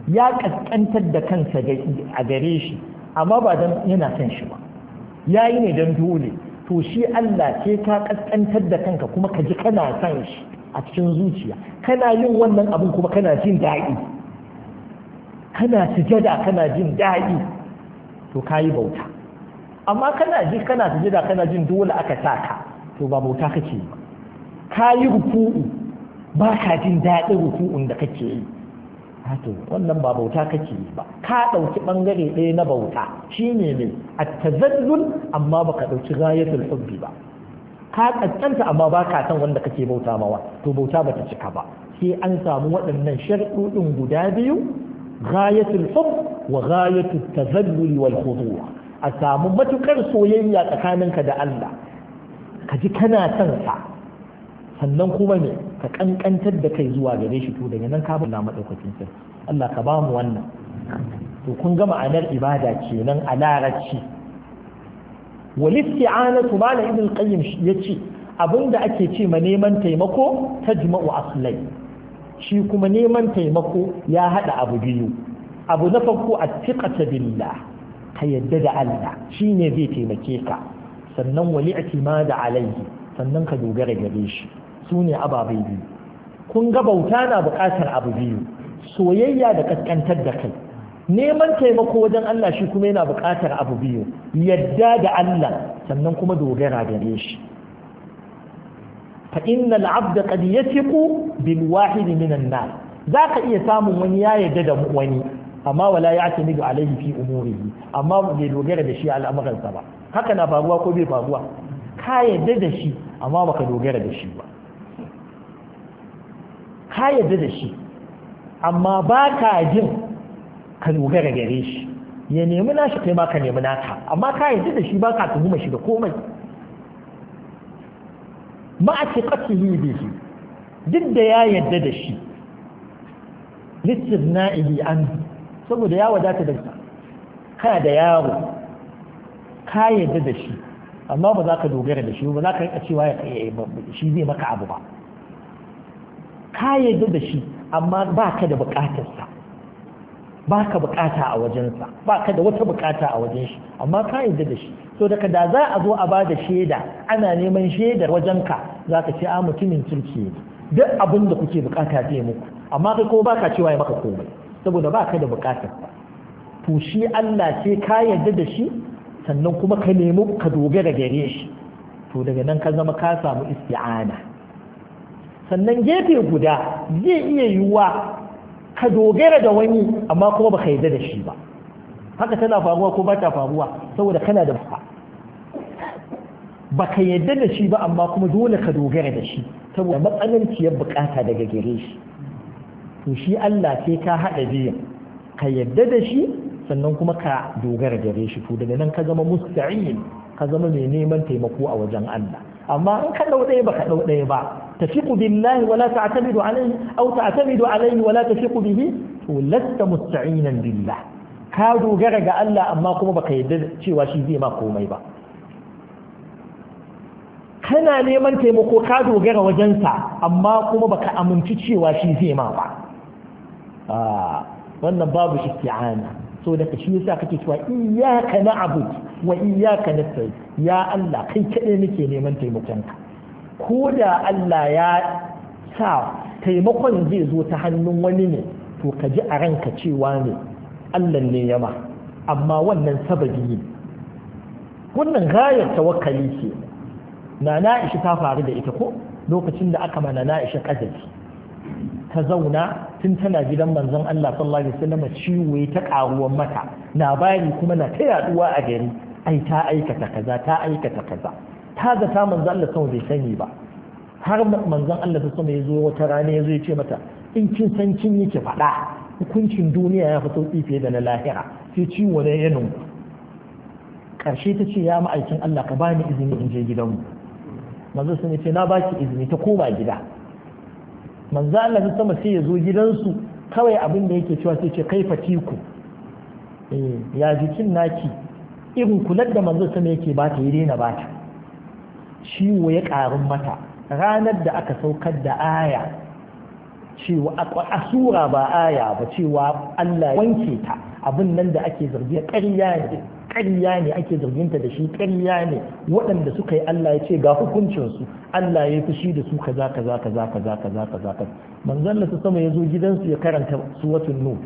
A: ya kaskantar da kansa a gare shi amma ba dan yana son shi ba yayi ne dan dole to shi Allah sai ka kaskantar da kanka kuma ka ji kana son shi a cikin zuciya kana yin wannan abin kuma kana jin daɗi kana sujada kana jin daɗi to yi bauta amma kana ji kana sujada kana jin dole aka ka. to ba bauta kake yi kayi ba ka jin daɗin rufu'un da kake yi to wannan ba bauta kake yi ba ka ɗauki ɓangare ɗaya na bauta shine ne a tazallul amma baka ɗauki ghayatul hubbi ba ka kaskanta amma ba ka san wanda kake bauta mawa to bauta bata cika ba sai an samu waɗannan sharuɗin guda biyu ghayatul hub wa ghayatul tazallul wal khudu' a samu matukar soyayya tsakaninka da Allah ka ji kana son sa sannan kuma ne ka kankantar da kai zuwa gare shi to daga nan ka bada madaukakin sarki Allah ka ba mu wannan to kun ga ma'anar ibada kenan a larabci walisti'anatu malam ibn qayyim yace abinda ake ce ma neman taimako ta jima'u aslai shi kuma neman taimako ya haɗa abu biyu abu na farko attiqata billah ka yadda da Allah shi ne zai taimake ka sannan wali a da alaihi sannan ka dogara gare shi sune ababai biyu kun ga bauta na bukatar abu biyu soyayya da kaskantar da kai neman taimako wajen Allah shi kuma yana buƙatar abu biyu yadda da Allah sannan kuma dogara gare shi fa innal abda qad yathiqu bil wahid min an-nas zaka iya samun wani ya yadda da wani amma wala ya'tamidu alayhi fi umurihi amma bai dogara da shi al'amuransa ba haka na faruwa ko bai faruwa ka yadda da shi amma baka dogara da shi ba ka yadda da shi amma ba jin ka dogara gare shi ya nemi nashi kai ma ka nemi naka amma ka yanzu da shi ba ka tuhuma shi da komai ma a ce qatlihi bihi duk da ya yarda da shi listirna'ihi an saboda ya wadata da kana da yaro ka yarda da shi amma ba za ka dogara da shi ba za ka rika cewa shi zai maka abu ba ka yarda da shi amma ba ka da bukatarsa ba ka bukata a wajensa ba ka da wata bukata a wajen shi amma ka yarda da shi so daga da za a zo a ba da shaida ana neman shaidar wajenka za ka ce a ah, mutumin turki ne duk abin da kuke bukata zai muku amma kai kuma baka cewa ya maka komai saboda ba ka da bukatar ba to shi Allah sai ka yarda da shi sannan kuma ka nemi ka dogara gare shi to daga nan ka zama ka samu isti'ana sannan gefe guda zai iya yiwuwa ka dogara da wani amma kuma baka yarda da shi ba haka tana faruwa ko ba ta faruwa saboda kana da ba baka yarda da shi ba amma kuma dole ka dogara da shi saboda matsananciyar bukata daga gare shi to shi Allah sai ka haɗa biyan ka yadda da shi sannan kuma ka dogara gare shi to daga nan ka zama musta'in ka zama mai neman taimako a wajen Allah amma in ka ɗau ɗaya ba ka ɗau ɗaya ba تثق بالله ولا تعتمد عليه أو تعتمد عليه ولا تثق به لست مستعينا بالله كادوا جرق ألا أما قم بك يدد شي واشي زي ما kana neman taimako ka dogara wajensa amma kuma baka aminci cewa shi zai ma ba wannan babu isti'ana so da shi yasa kake cewa iyyaka abu wa iyyaka nasta'in ya Allah kai kaɗai muke neman taimakonka ko da Allah ya sa taimakon zai zo ta hannun wani ne to ka ji a ranka cewa ne Allah ne ya ma amma wannan sababi ne wannan gayar tawakkali ce na na'ishi ta faru da ita ko lokacin da aka mana na'ishi kazafi ta zauna tun tana gidan manzon Allah sallallahu alaihi wasallam ciwo ya ta karuwan mata labari kuma na ta yaduwa a gari ai ta aikata kaza ta aikata kaza ta ga ta manzo Allah sama bai sani ba har manzo Allah ta sama ya zo wata rana ya zo ya ce mata in kin san kin yake faɗa hukuncin duniya ya fi sauƙi fiye da na lahira sai ciwo na yanin ƙarshe ta ce ya ma'aikin Allah ka bani izini in je gidanmu manzo sun ce na baki izini ta koma gida manzo Allah ta sama sai ya zo gidansu kawai abin da yake cewa sai ce kai fatiku eh, ya jikin naki irin kular da manzo sama yake ba ta yi daina ba ta ciwo ya ƙarin mata ranar da aka saukar da aya cewa a sura ba aya ba cewa Allah wanke ta abin nan da ake zargi ƙarya ne ƙarya ne ake zarginta da shi ƙarya ne waɗanda suka yi Allah ya ce ga hukuncinsu Allah ya fushi da su kaza kaza kaza kaza kaza kaza kaza manzon Allah sama ya zo gidansu ya karanta suratul nu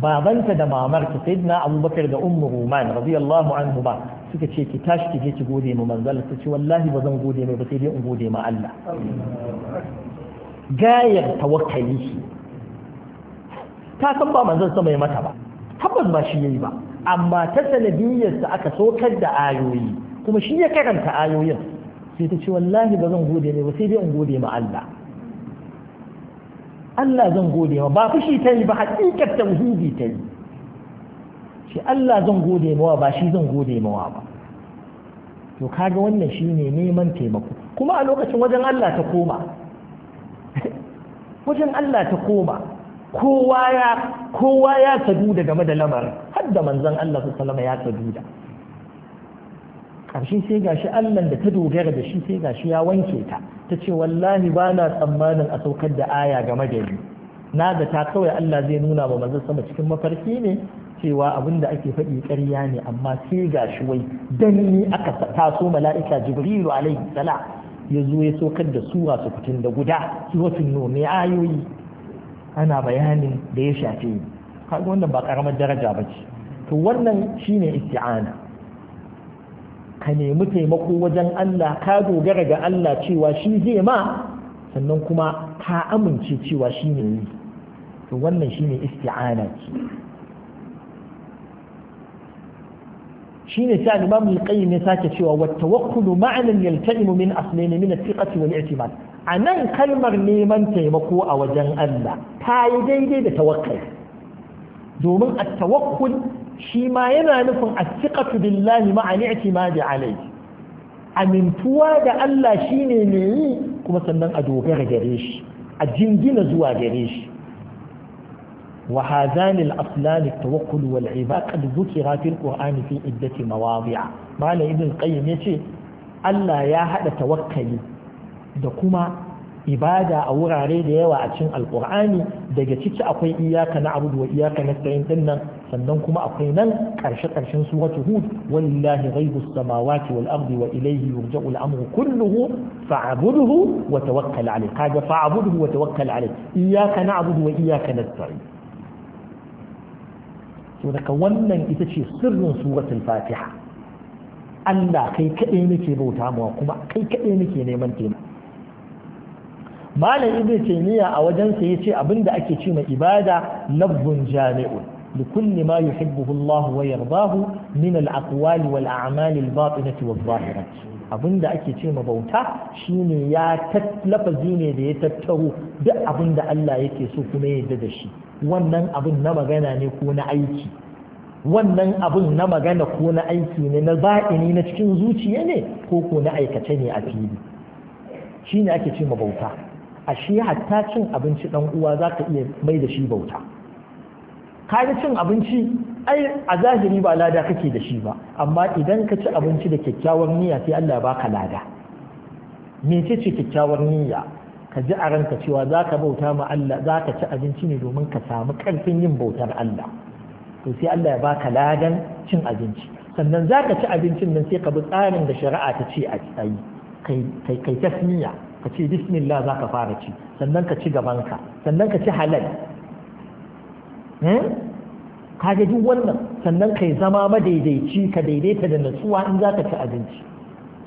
A: babanta da mamarta sayyidina Abubakar da Ummu Ruman radiyallahu anhu ba suka ce ki tashi ki je ki gode ma manzo Allah ce wallahi ba zan gode mai ba sai dai in gode ma Allah gayar tawakkali ta san ba manzon sama ya mata ba tabbas ba shi yayi ba amma ta sanadiyar sa aka sokar da ayoyi kuma shi ya karanta ayoyin sai ta ce wallahi ba zan gode mai ba sai dai in gode ma Allah Allah zan gode ma ba fushi ta yi ba hakikar tauhidi ta yi ce Allah zan gode mawa ba shi zan gode mawa ba to kaga wannan shine neman taimako kuma a lokacin wajen Allah ta koma wajen Allah ta koma kowa ya kowa ya da game da lamarin har da manzon Allah sallallahu ya saduda Ƙarshen sai gashi Allah da ta dogara da shi sai gashi ya wanke ta ta ce wallahi ba na tsammanin a saukar da aya game da ni na da ta kawai Allah zai nuna ba manzon sama cikin mafarki ne cewa abin da ake faɗi ƙarya ne amma sai ga shi wai dan ni aka taso mala'ika jibrilu alaihi sala ya zo ya saukar da su wasu fitin da guda wasu nome ayoyi ana bayanin da ya shafe ni kaga wannan ba karamar daraja ba ce to wannan shine isti'ana ka nemi taimako wajen Allah ka dogara ga Allah cewa shi zai ma sannan kuma ka amince cewa shi ne yi to wannan shine isti'ana ce shine sai al-imam al-qayyim ya sake cewa wa tawakkulu ma'anan yalta'imu min aslaini min al wal i'timad anan kalmar neman taimako a wajen Allah ta yi daidai da tawakkal domin at-tawakkul shi ma yana nufin as billahi ma'a al-i'timadi alayhi amintuwa da Allah shine ne yi kuma sannan a dogara gare shi a jingina zuwa gare shi وهذان الأصلان التوكل والعبادة قد ذكر في القرآن في عدة مواضع معنى ابن القيم يشي ألا يا هذا توكلي دكما ibada a wurare da yawa a cikin alkur'ani daga ciki akwai iyaka na abudu wa iyaka na sayin dinnan sannan kuma akwai nan karshe karshen suratu hud walillahi ghaibus samawati wal ardi wa ilayhi yurja'u al amru iyaka na abudu wa iyaka to daga wannan ita ce sirrin suratul fatiha Allah kai kaɗai nake bauta kuma kai kaɗai nake neman taimako malam ibn taymiya a wajensa yace abinda ake ce mai ibada lafzun jami'un لكل ما يحبه الله ويرضاه من الأقوال والأعمال الباطنة والظاهرة abin da ake ce bauta shine ya lafazi ne da ya tattaro duk abin da Allah yake so kuma ya yarda da shi wannan abin na magana ne ko na aiki wannan abin na magana ko na aiki ne na ba'ini na cikin zuciya ne ko ko na aikace ne a fili shi ne ake ce bauta a shi hatta cin abinci ɗan uwa za ka iya mai da shi bauta kaga cin abinci ai a zahiri ba lada kake da shi ba amma idan ka ci abinci da kyakkyawar niyya sai Allah ya baka lada mece ce kyakkyawar niyya ka ji a ranka cewa za ka bauta ma Allah za ka ci abinci ne domin ka samu ƙarfin yin bautar Allah to sai Allah ya baka ladan cin abinci sannan za ka ci abincin nan sai ka bi tsarin da shari'a ta ce a yi kai kai tasmiya ka ce bismillah za ka fara ci sannan ka ci gabanka sannan ka ci halal hmm? ka duk wannan sannan kai zama madaidaici ka daidaita da natsuwa in za ka ci abinci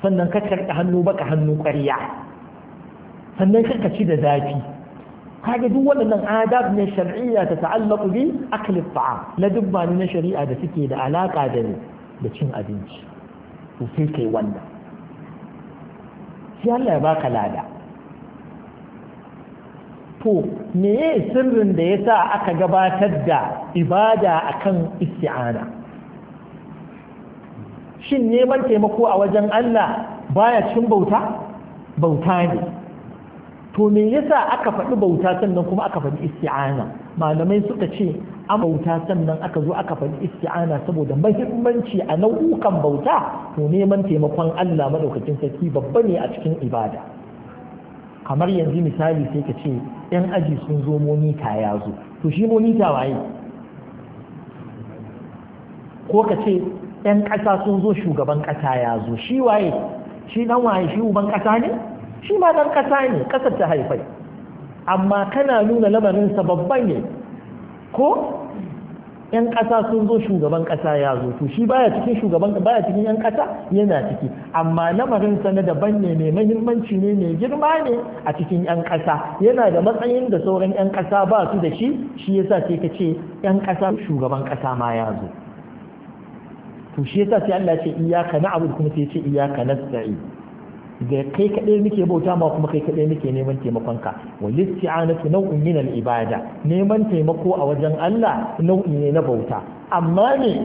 A: sannan ka karɓi hannu baka hannu ƙwarya sannan kaka ci da zafi kaga duk waɗannan adab ne shar'iyya ta ta'allaqu bi akli ta'am la dubba ne na shari'a da suke da alaka da da cin abinci to sai kai wannan sai Allah ya baka lada to meye sirrin da yasa aka gabatar da ibada akan isti'ana shin neman taimako a wajen Allah baya cin bauta bauta ne to me yasa aka faɗi bauta sannan kuma aka faɗi isti'ana malamai suka ce an bauta sannan aka zo aka faɗi isti'ana saboda mahimmanci a nau'ukan bauta to neman taimakon Allah madaukakin sarki babba ne a cikin ibada kamar yanzu misali sai ka ce yan aji sun zo monita ya zo to shi monita waye ko ka ce yan ƙasa sun zo shugaban ƙasa ya zo shi waye shi dan waye shi uban ƙasa ne shi ma ɗan ƙasa ne ƙasar ta haifai amma kana nuna lamarinsa babban ne ko ‘yan ƙasa sun zo shugaban ƙasa ya zo to shi baya cikin shugaban baya cikin ‘yan ƙasa yana ciki amma lamarinsa na daban ne mai mahimmanci ne mai girma ne a cikin ‘yan ƙasa yana da matsayin da sauran ‘yan ƙasa ba su da shi shi yasa sai ka ce ‘yan ƙasa shugaban ƙasa ma ya zo to shi yasa sai Allah ce iyaka na abu kuma sai ce iyaka nasta'in ga kai kaɗai muke bauta ma kuma kai kaɗai muke neman taimakon ka wa nau'in min al-ibada neman taimako a wajen Allah nau'i ne na bauta amma ne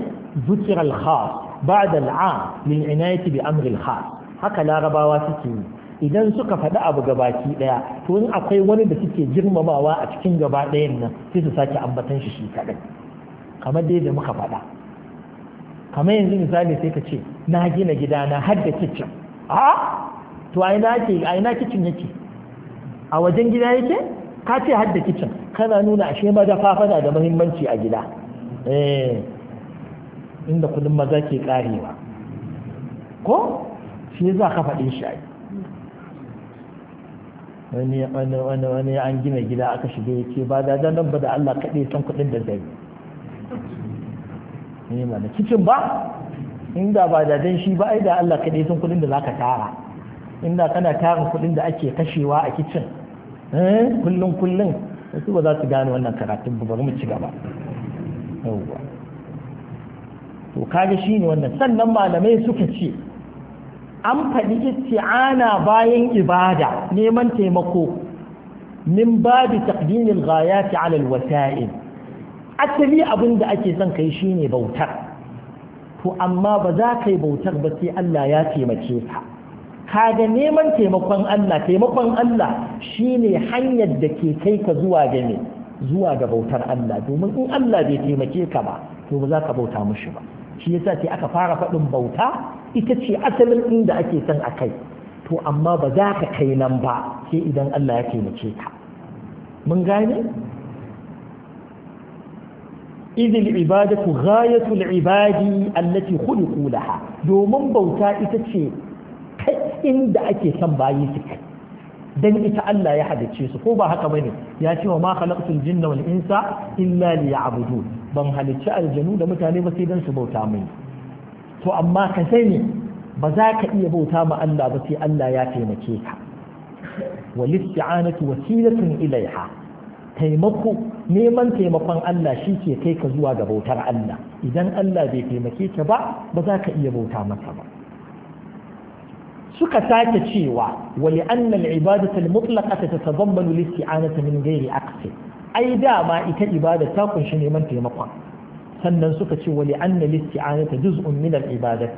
A: zikr al-khas ba'da al-'am min inayati bi amri al-khas haka larabawa suke yi idan suka faɗi abu gabaki ɗaya to in akwai wani da suke girmamawa a cikin gaba ɗayan nan sai su sake ambatan shi shi kaɗai kamar dai da muka faɗa kamar yanzu misali sai ka ce na gina gidana har da kicin a ah! to a ina ke a ina kicin yake a wajen gida yake ka ce hadda kicin kana nuna ashe madafa fana da muhimmanci a gida eh inda kudin maza ke karewa ko shi za ka faɗi shi ai wani wani wani wani an gina gida aka shiga ya ce ba da nan ba da Allah kaɗai san kuɗin da zai ne eh, mana kicin ba inda ba da dan shi ba ai da Allah kaɗai san kuɗin da zaka tara inda kana tarin kuɗin da ake kashewa a kicin eh, kullum kullum su ba za su gane wannan karatun ba bari mu ci gaba to kaga ne wannan sannan malamai suka ce an faɗi isti'ana bayan ibada neman taimako min babu taqdimil ghayati ala alwasa'il asali abin da ake son kai shine bautar to amma ba za ka yi bautar ba sai Allah ya taimake ka kaga neman taimakon Allah taimakon Allah shine hanyar da ke kai ka zuwa ga zuwa ga bautar Allah domin in Allah bai taimake ka ba to ba za ka bauta mushi ba shi yasa sai aka fara faɗin bauta ita ce asalin inda ake son a kai to amma ba za ka kai nan ba sai idan Allah ya taimake ka mun gane إذ العبادة غاية العباد التي خلقوا لها bauta بوتا إتشي Kai inda ake son bayi su dan ita Allah ya halicce su ko ba haka bane ya ce wa ma khalaqtul jinna wal insa illa liya'budun ban halicci aljanu da mutane ba sai dan su bauta mini. to amma ka sani ba za ka iya bauta ma Allah ba sai Allah ya taimake ka wal isti'anatu wasilatun ilaiha taimako neman taimakon Allah shi ke kai ka zuwa ga bautar Allah idan Allah bai taimake ka ba ba za ka iya bauta masa ba suka sake cewa wali annal ibadatul mutlaqata tatadammanu listi'anata min ghairi aqsi ai dama ita ibada ta kunshi neman taimakon sannan suka ce wali anna listi'anata juz'un min al-ibadati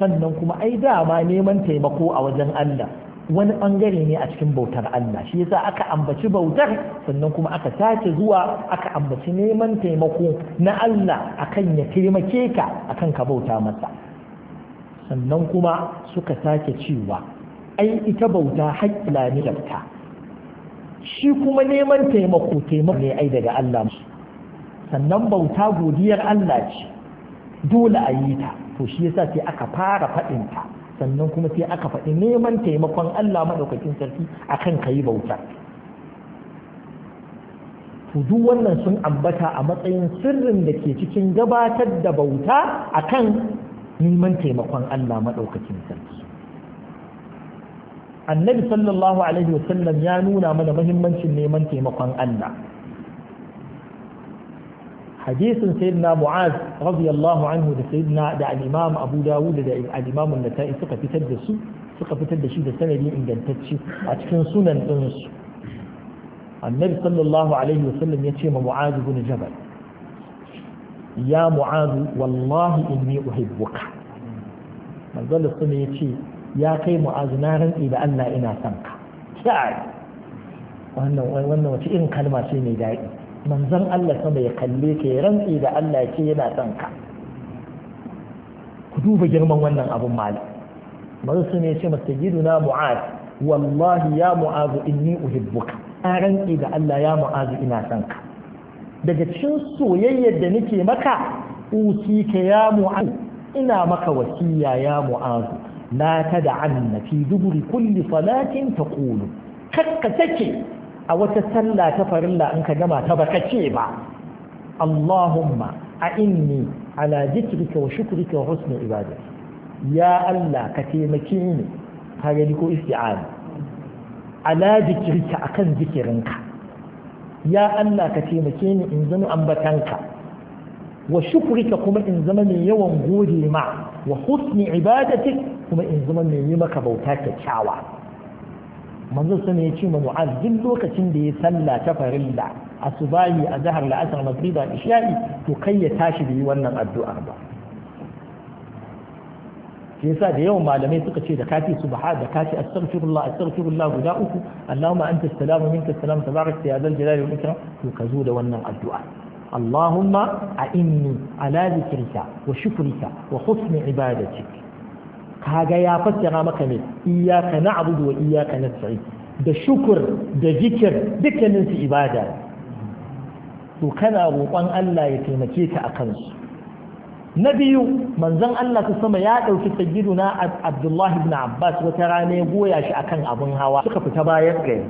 A: sannan kuma ai dama neman taimako a wajen Allah wani bangare ne a cikin bautar Allah shi yasa aka ambaci bautar sannan kuma aka tace zuwa aka ambaci neman taimako na Allah akan ya taimake ka akan ka bauta masa sannan kuma suka sake cewa ai ita bauta haƙƙila ta shi kuma neman taimako taimako ne ai daga Allah sannan bauta godiyar Allah ce dole a yi ta to shi yasa sai aka fara faɗin ta sannan kuma sai aka faɗi neman taimakon Allah maɗaukakin sarki akan yi bauta to duk wannan sun ambata a matsayin sirrin da ke cikin gabatar da bauta akan neman taimakon Allah maɗaukacin sarki annabi sallallahu alaihi wasallam ya nuna mana mahimmancin neman taimakon Allah hadisin sayyidina mu'az radiyallahu anhu da sayyidina da al-imam abu dawud da al-imam an-nasa'i suka fitar da su suka fitar da shi da sanadi ingantacce a cikin sunan ɗinsu su annabi sallallahu alaihi wasallam ya ce ma mu'az ibn jabal ya mu'azu wallahi inni uhibbuka manzon sun ya ce ya kai mu'azu na rantsi da Allah ina son ka kai wannan wannan wace irin kalma ce mai daɗi manzon Allah sama ya kalle ka ya rantsi da Allah ya ce yana son ka ku duba girman wannan abun mali. manzon sun ya ce masajiduna mu'az wallahi ya mu'azu inni uhibbuka na rantsi da Allah ya mu'azu ina son ka daga cikin soyayyar da nake maka usi ka ya mu'az ina maka wasiya ya mu'azu la tad'anna fi duburi kulli salatin kulu kakka take a wata sallah ta farilla in ka gama ta baka ce ba Allahumma a inni ala zikrika wa shukrika wa husni ibadati ya Allah ka taimake ni ka gani ko isti'ana ala zikrika akan zikirinka ya Allah ka taimake ni in zama ambatanka wa shukrika kuma in zama mai yawan gode ma wa husni ibadatik kuma in zama mai yi maka bauta kyakkyawa manzo sani ya ce manu duk lokacin da ya sallah ta farilla asubahi a jihar la'asar magriba isha'i to kai ya tashi da yi wannan addu'ar ba shi yasa da yawan malamai suka ce da kafi subha da kafi astaghfirullah astaghfirullah guda uku allahumma anta salamu minka salam tabarakta ya zal jalali wal ikram to ka zo da wannan addu'a allahumma inni ala zikrika wa shukrika wa husni ibadatik kaga ya fassara maka ne iyyaka na'budu wa iyyaka nasta'in da shukur da zikir dukkanin su ibada to kana roƙon Allah ya taimake ka akan su na biyu manzon Allah ta sama ya ɗauki na Abdullahi ibn Abbas wata rana ya goya shi akan abin hawa suka fita bayan gari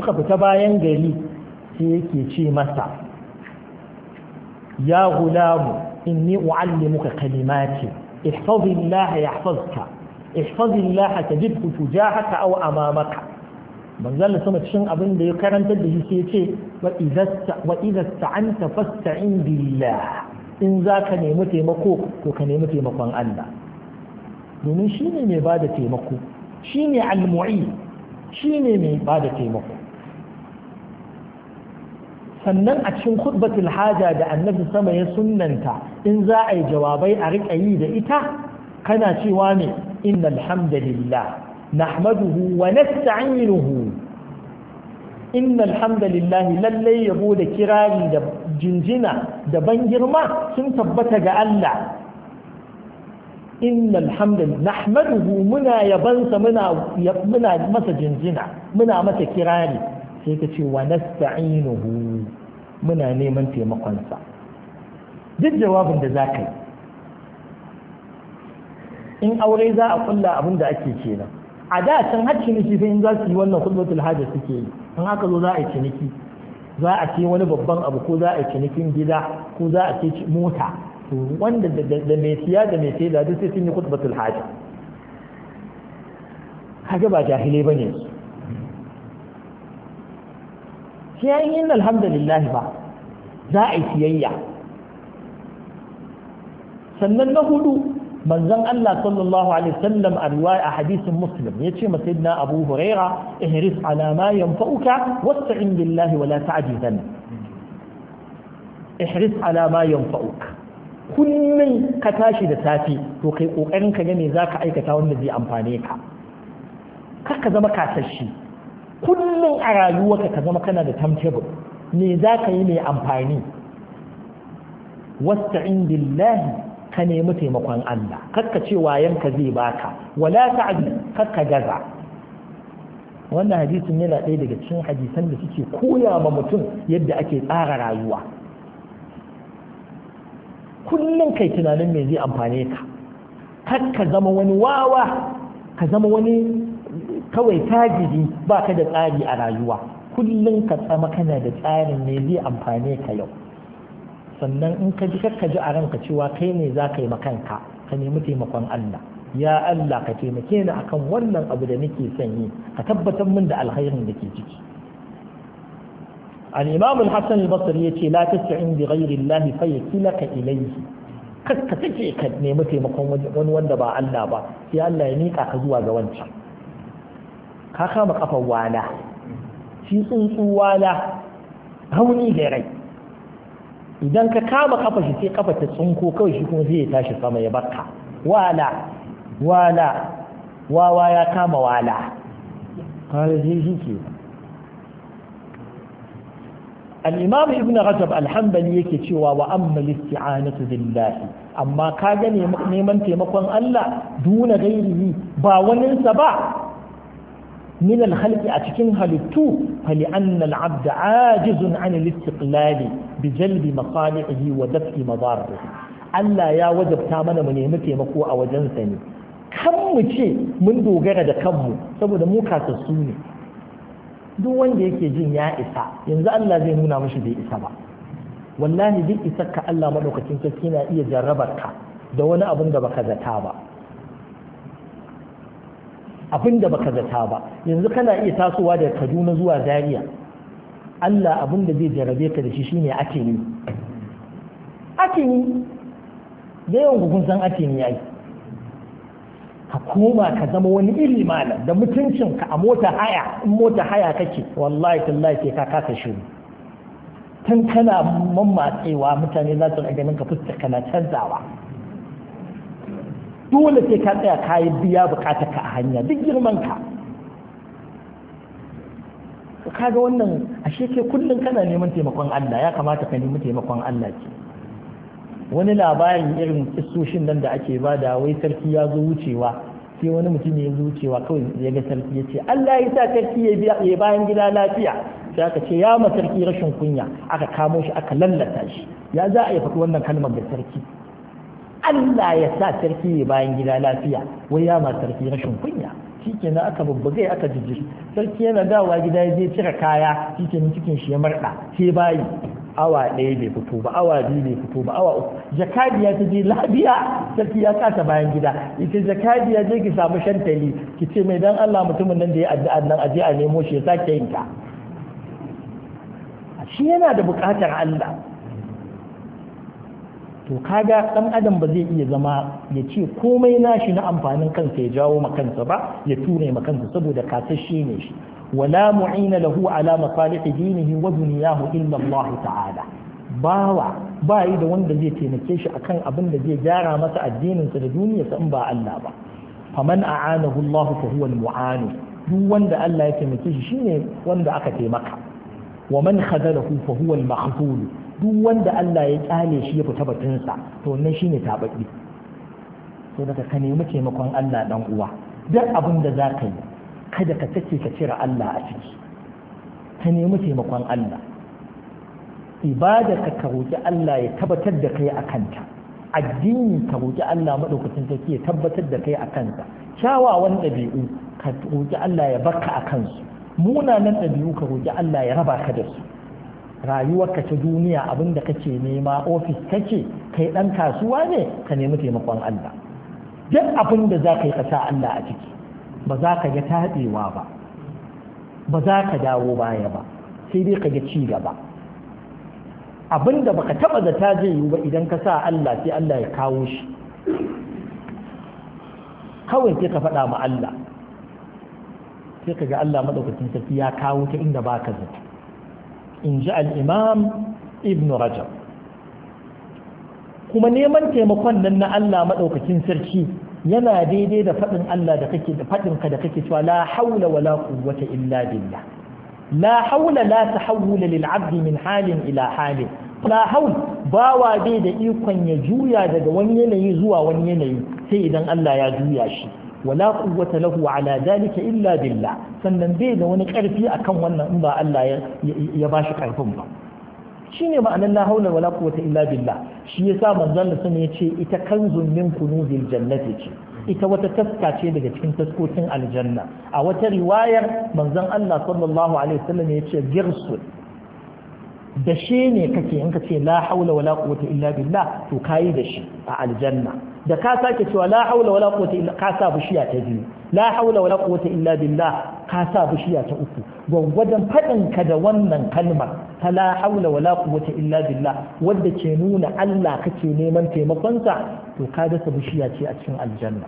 A: suka fita bayan gari sai yake ce masa ya gulamu inni u'allimuka kalimati ihfazillaha yahfazka ihfazillaha tajidhu tujahaka aw amamaka manzon Allah sama cikin abin da ya karantar da shi sai ya ce wa idza wa idza ta'anta fasta'in billah in za ka nemi taimako ko ka nemi taimakon Allah domin shi ne mai ba da taimako shi ne almu'i shi ne mai ba da taimako sannan a cikin khutbatul haja da annabi sama ya sunnanta in za a yi jawabai a riƙa yi da ita kana cewa ne inna alhamdulillah nahmaduhu wa nasta'inuhu inna alhamdulillahi lallai yabo da kirari da jinjina da ban girma sun tabbata ga Allah inna alhamdulillahi nahmaduhu muna yabansa muna muna masa jinjina muna masa kirari sai ka ce wa nasta'inuhu muna neman taimakonsa duk jawabin da za yi in aure za a kulla abin da ake kenan a da can har ciniki sai in za su yi wannan khutbatul hajj suke yi in haka zo za a yi ciniki za a ce wani babban abu ko za a yi cinikin gida ko za a ce mota to wanda da mai siya da mai sai da duk sai sun yi khutbatul hajj kaga ba jahilai ne su yi yin alhamdulillah ba za a yi siyayya sannan na hudu manzon Allah sallallahu alaihi wasallam a riwaya a hadisin muslim yace ma sayyidina abu huraira ihris ala ma yanfa'uka wasta'in billahi wala ta'jizan ihris ala ma yanfa'uka kullum ka tashi da safe. to kai kokarin ka ga me zaka aikata wanda zai amfane ka Kaka zama kasashe kullum a rayuwarka ka zama kana da timetable me zaka yi mai amfani wasta'in billahi ka nemi taimakon Allah kakka ce yanka zai baka wala ta'di kakka gaza wannan hadisin yana ɗaya daga cikin hadisan da suke koya ma mutum yadda ake tsara rayuwa kullum kai tunanin me zai amfane ka kakka zama wani wawa ka zama wani kawai tajiri baka da tsari a rayuwa kullum ka tsama kana da tsarin me zai amfane ka yau sannan in ka ji kakka ji a ranka cewa kai ne za ka yi makanka ka nemi taimakon Allah ya Allah ka taimake ni akan wannan abu da nake son yi ka tabbatar min da alkhairin da ke ciki al-imam al-hasan al-basri yace la tas'in bi ghayri Allah fa yakilaka ilayhi kakka take ka nemi taimakon wani wanda ba Allah ba sai Allah ya nika ka zuwa ga wancan ka kama kafar wala shi tsuntsu wala rauni da rai idan ka kama kafa shi sai kafa ta tsunko kawai shi kuma zai tashi sama ya barka wala wala wawa ya kama wala kare zai shi ke al ibn rajab alhambali yake cewa wa amma isti'anatu billahi amma ka ga neman taimakon Allah duna gairihi ba waninsa ba min al a cikin halittu fali anna al ajizun an al-istiqlal bi jalbi masalihi wa daf'i madarihi Allah ya wajabta mana mu nemi taimako a wajen sa ne kan mu ce mun dogara da kanmu saboda mu kasassu ne duk wanda yake jin ya isa yanzu Allah zai nuna mashi bai isa ba wallahi duk isar ka Allah maɗaukacin sarki na iya jarrabar ka da wani abin da baka zata ba abin da baka zata ba yanzu kana iya tasowa daga kaduna zuwa zaria allah abinda zai jarabe ka da shi shine atini atini da yawan gugun san atini yayi ka koma ka zama wani iri malam da mutuncin ka a mota haya in mota haya kake wallahi tallahi sai ka kasa shiru tun kana tsewa mutane za su ga ganin ka fuska kana canzawa dole sai ka tsaya kayi biya bukatar ka a hanya duk girman ka kaga wannan ashe ke kullum kana neman taimakon Allah ya kamata ka nemi taimakon Allah ke wani labarin irin kissoshin nan da ake da wai sarki ya zo wucewa sai wani mutum ya zo wucewa kawai ya ga sarki ya ce Allah ya sa sarki ya biya bayan gida lafiya sai aka ce ya ma sarki rashin kunya aka kamo shi aka lallata shi ya za a yi faɗi wannan kalmar da sarki Allah ya sa sarki ya bayan gida lafiya wai ya ma sarki rashin kunya shikenan aka bubbugai aka jijjiri sarki yana dawowa gida ya je cire kaya shikenan cikin shi ya marda sai bayi awa ɗaya bai fito ba awa biyu bai fito ba awa uku jakadiya ta je labiya sarki ya kasa bayan gida ita jakadiya je ki samu shantali ki ce mai dan Allah mutumin nan da ya addu'a nan aje a nemo shi ya sake yin ta shi yana da buƙatar Allah to kaga dan adam ba zai iya zama ya ce komai nashi na amfanin kansa ya jawo ma kansa ba ya ture ma kansa saboda kasashe ne shi wala mu'ina lahu ala masalihi dinihi wa dunyahu illa Allah ta'ala bawa ba yi da wanda zai taimake shi akan abin da zai gyara masa addininsa da sa in ba Allah ba faman a'anahu Allah fa huwa al-mu'ani duk wanda Allah ya taimake shi shine wanda aka taimaka wa man khadalahu fa huwa al-mahzulu duk wanda Allah ya kyale shi ya fita batunsa to wannan shine tababbi to daga ka nemi taimakon Allah dan uwa duk abin da za ka yi kada ka sake ka cire Allah a ciki ka nemi taimakon Allah ibada ka roƙi Allah ya tabbatar da kai a addini ka roƙi Allah maɗaukacin sarki ya tabbatar da kai a kyawawan ɗabi'u ka roƙi Allah ya barka a kansu munanan ɗabi'u ka roƙi Allah ya raba ka da su rayuwarka ta duniya abin da kake nema ofis kake kai dan kasuwa ne ka nemi taimakon Allah duk abin da za yi kasa Allah a ciki ba za ka ga taɗewa ba ba za ka dawo baya ba sai dai ka ga ci gaba abin da baka taba zata ta zai yi ba idan ka sa Allah sai Allah ya kawo shi kawai sai ka faɗa ma Allah sai ka ga Allah madaukakin sarki ya kawo ta inda baka zata in ji al'imam ibn rajab kuma neman taimakon nan na Allah maɗaukakin sarki yana daidai da faɗin Allah da kake da faɗinka da kake cewa la haula wa la quwwata illa billah la haula la tahawula lil abdi min halin ila halin la haul bawa bai da ikon ya juya daga wani yanayi zuwa wani yanayi sai idan Allah ya juya shi wala quwwata lahu ala dalika illa billah sannan bai da wani karfi akan wannan in ba Allah ya bashi karfin ba shine ma'anar la haula wala quwwata illa biLla shi yasa manzon da sun yace ita kanzun min kunuzil jannati ce ita wata taska ce daga cikin taskokin aljanna a wata riwayar manzon Allah sallallahu alaihi wasallam yace girsul da shi ne kake in ka ce la haula wala quwwata illa billah to kai da shi a aljanna da ka sake cewa la haula wala quwwata illa ka sa bishiya ta biyu la haula wala quwwata illa billah ka sa bishiya ta uku gwangwadan fadin ka da wannan kalmar ta la haula wala quwwata illa billah wanda ke nuna Allah kake neman taimakon sa to ka dasa bishiya ce a cikin aljanna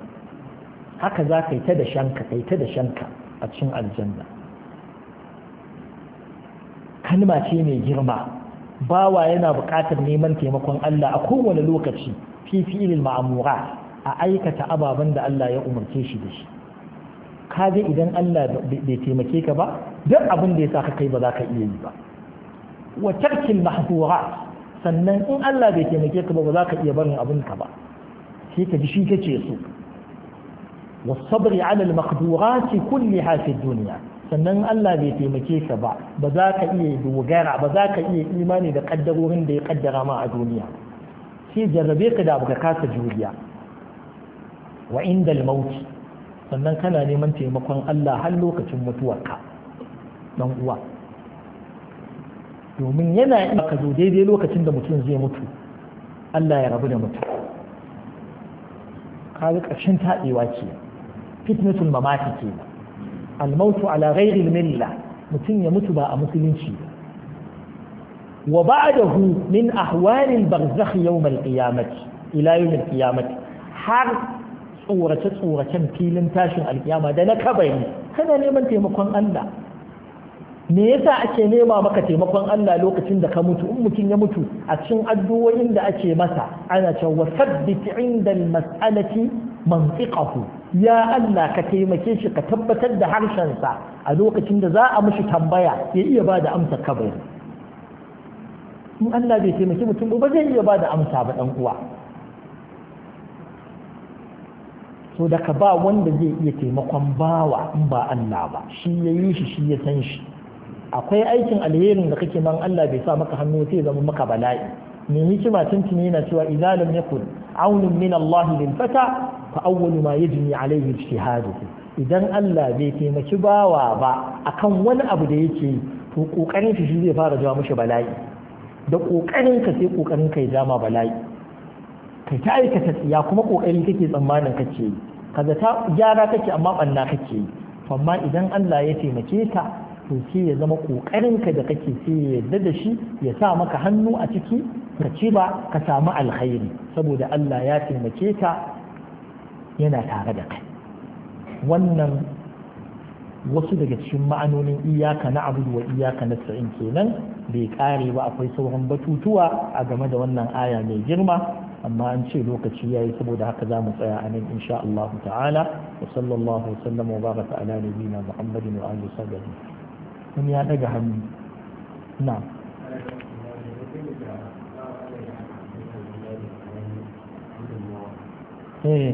A: haka za ka yi ta da shanka kai ta da shanka a cikin aljanna kalma ce mai girma bawa yana buƙatar neman taimakon Allah a kowane lokaci fi fi'ilil ma'amura a aikata ababen da Allah ya umarce shi da shi ka idan Allah bai taimake ka ba duk abin da ya sa ka kai ba za ka iya yi ba wa tarkil mahdura sannan in Allah bai taimake ka ba ba za ka iya barin abin ka ba sai ka ji shi kace so wa sabri ala al mahdurati kulliha fi dunya sannan Allah bai taimake ka ba ba za ka iya dogara ba za ka iya imani da kaddarorin da ya kaddara ma a duniya sai jarrabe ka da baka kasa juriya wa inda mauti sannan kana neman taimakon Allah har lokacin mutuwarka don uwa domin yana iya ka zo daidai lokacin da mutum zai mutu Allah ya rabu da ka kaga ƙarshen taɗewa ke fitnatul mamati ke al-mautu ala ghairi milla mutum ya mutu ba a musulunci ba وبعده من أحوال البرزخ يوم القيامة إلى يوم tsorace-tsoracen filin صورة فيلن تاشن القيامة ده نكبين Kana neman taimakon الله me yasa ake nema maka taimakon Allah lokacin da ka mutu in mutum ya mutu a cikin addu'o'in da ake masa ana cewa sabbit inda al-mas'alati mantiqahu ya Allah ka taimake shi ka tabbatar da harshen sa a lokacin da za a mishi tambaya ya iya ba da amsa kabari in Allah bai taimaki mutum ba zai iya bada amsa ba dan uwa so daga ba wanda zai iya taimakon bawa in ba Allah ba shi ya yi shi shi ya san shi akwai aikin alherin da kake man Allah bai sa maka hannu sai zama maka bala'i me hikima tuntuni yana cewa idza lam yakun aunun min Allah lil fata fa awwalu ma yajni alayhi ijtihaduhu idan Allah bai taimaki bawa ba akan wani abu da yake to kokarin shi zai fara jawo mishi bala'i da ƙoƙarin ka sai ƙoƙarin ka ya dama bala'i kai ta aikata tsiya kuma ƙoƙari kake tsammanin kake yi kaza ta gyara kake amma ɓanna kake yi amma idan Allah ya taimake ka to sai ya zama ƙoƙarinka da kake sai ya yarda da shi ya sa maka hannu a ciki ka ci ba ka samu alkhairi saboda Allah ya taimake ka yana tare da kai wannan wasu daga cikin ma'anonin iyaka na abu wa iyaka na sa'in kenan bai kare ba akwai sauran batutuwa a game da wannan aya mai girma amma an ce lokaci yayi saboda haka za mu tsaya a nan insha Allah ta'ala wa sallallahu wa sallam wa baraka ala nabiyina Muhammadin wa alihi sallami mun ya daga hannu na eh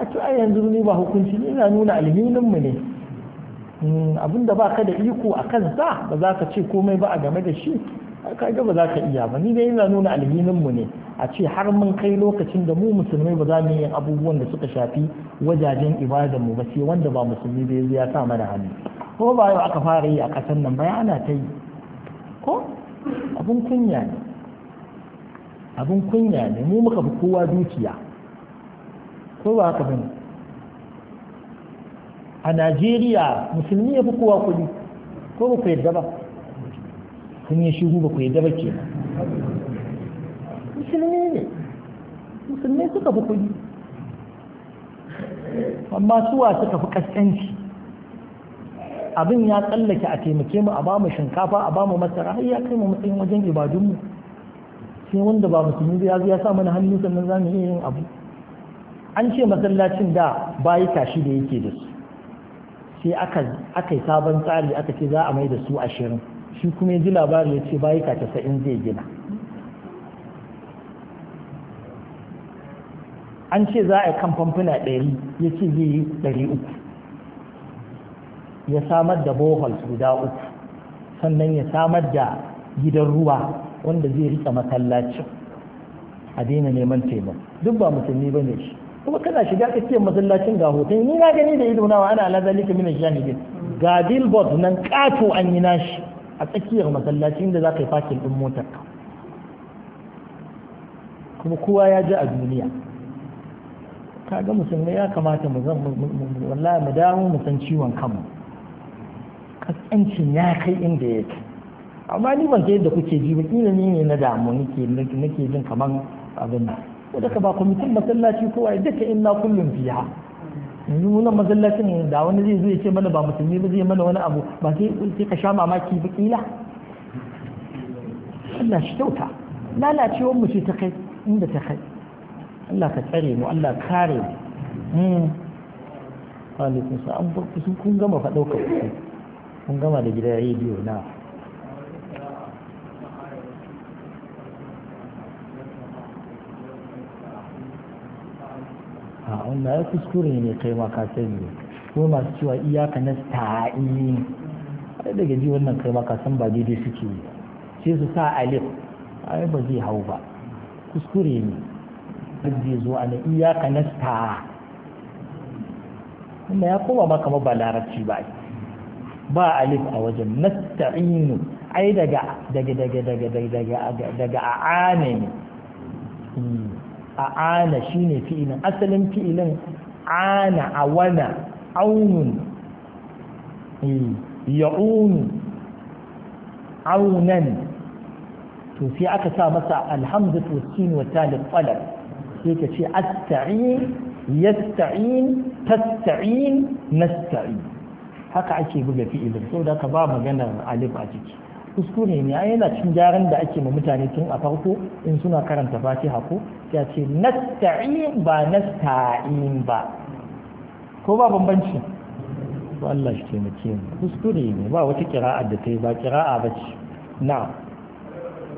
A: a to ai yanzu ne ba hukunci ne ina nuna alhinin ne hmm, abin da baka da iko a kansa ba za ka ce komai ba a game da shi kaga ba za ka iya ba ni dai ina nuna alhinin ne a ce har mun kai lokacin da mu musulmai ba za mu yi abubuwan da suka shafi wajajen ibadar mu ba sai wanda ba musulmi ba ya sa mana hannu ko ba yau aka fara yi a ƙasar nan ba yana ta yi ko abun kunya ne abun kunya ne mu muka fi kowa dukiya ko ba haka bane a najeriya musulmi ya fi kowa kuɗi ko ba ku yadda ba kun yi shigo ba ku yadda ba ke musulmi ne musulmi suka fi kuɗi amma suwa suka fi kaskanci abin ya tsallake a taimake mu a bamu shinkafa a bamu masara har ya kai mu matsayin wajen ibadunmu sai wanda ba musulmi ya zo ya sa mana hannu sannan za mu iya yin abu an ce masallacin da bayi tashi da yake da su sai aka yi sabon tsari aka ce za a mai da su ashirin shi kuma ji labarin ya ce bayi ka tasa'in zai gina an ce za a yi kan famfuna ɗari ya ce zai yi ɗari uku ya samar da bohol guda uku sannan ya samar da gidan ruwa wanda zai rika masallacin a daina neman taimako duk ba musulmi ba ne shi kuma kana shiga tsakiyar masallacin ga hoton ni na gani da ido nawa ana lazalika min shahidin ga billboard nan kato an yi nashi a tsakiyar masallacin da za ka yi fakin din motar ka kuma kowa ya ji a duniya kaga musulmai ya kamata mu zan wallahi mu dawo mu san ciwon kanmu kasancin ya kai inda yake amma ni ban yadda kuke ji ba ni ne na damu nake nake jin kamar abin nan ko daga ba kwamitin masallaci kowa ka inna kullum fiya yanzu nan masallacin da wani zai zo ya ce mana ba musulmi ba zai mana wani abu ba sai ka sha mamaki ba kila Allah shi kyauta lalacewar mu ce ta kai inda ta kai Allah ka tsare mu Allah kare mu hmm. alaikum sa an kun gama fa daukar kun gama da gidan rediyo na a wanda ya kuskure ne kai ma ka sani ko masu cewa iyaka na sta'in ai daga ji wannan kai ma ka san ba daidai suke yi sai su sa alif ai ba zai hau ba kuskure ne duk zai zo ana iyaka na sta'a wannan ya koma ma kamar ba larabci ba ba alif a wajen nasta'inu ai daga daga daga daga daga daga daga a'ane ne a'ana shine fi'ilin asalin fi'ilin ana awana aunun eh, ya'unu aunan to sai aka sa masa alhamdu tusin wa talib qalb sai ka ce asta'in yasta'in tasta'in nasta'in haka ake buga fi'ilin saboda ka ba maganar alif a ciki kuskure ne ai yana cin gyaran da ake ma mutane tun a farko in suna karanta fatiha ko ya ce nasta'in ba nasta'in ba ko ba bambanci Allah shi ke mu kuskure ne ba wata kira'a da ta yi ba kira'a ba ce na'am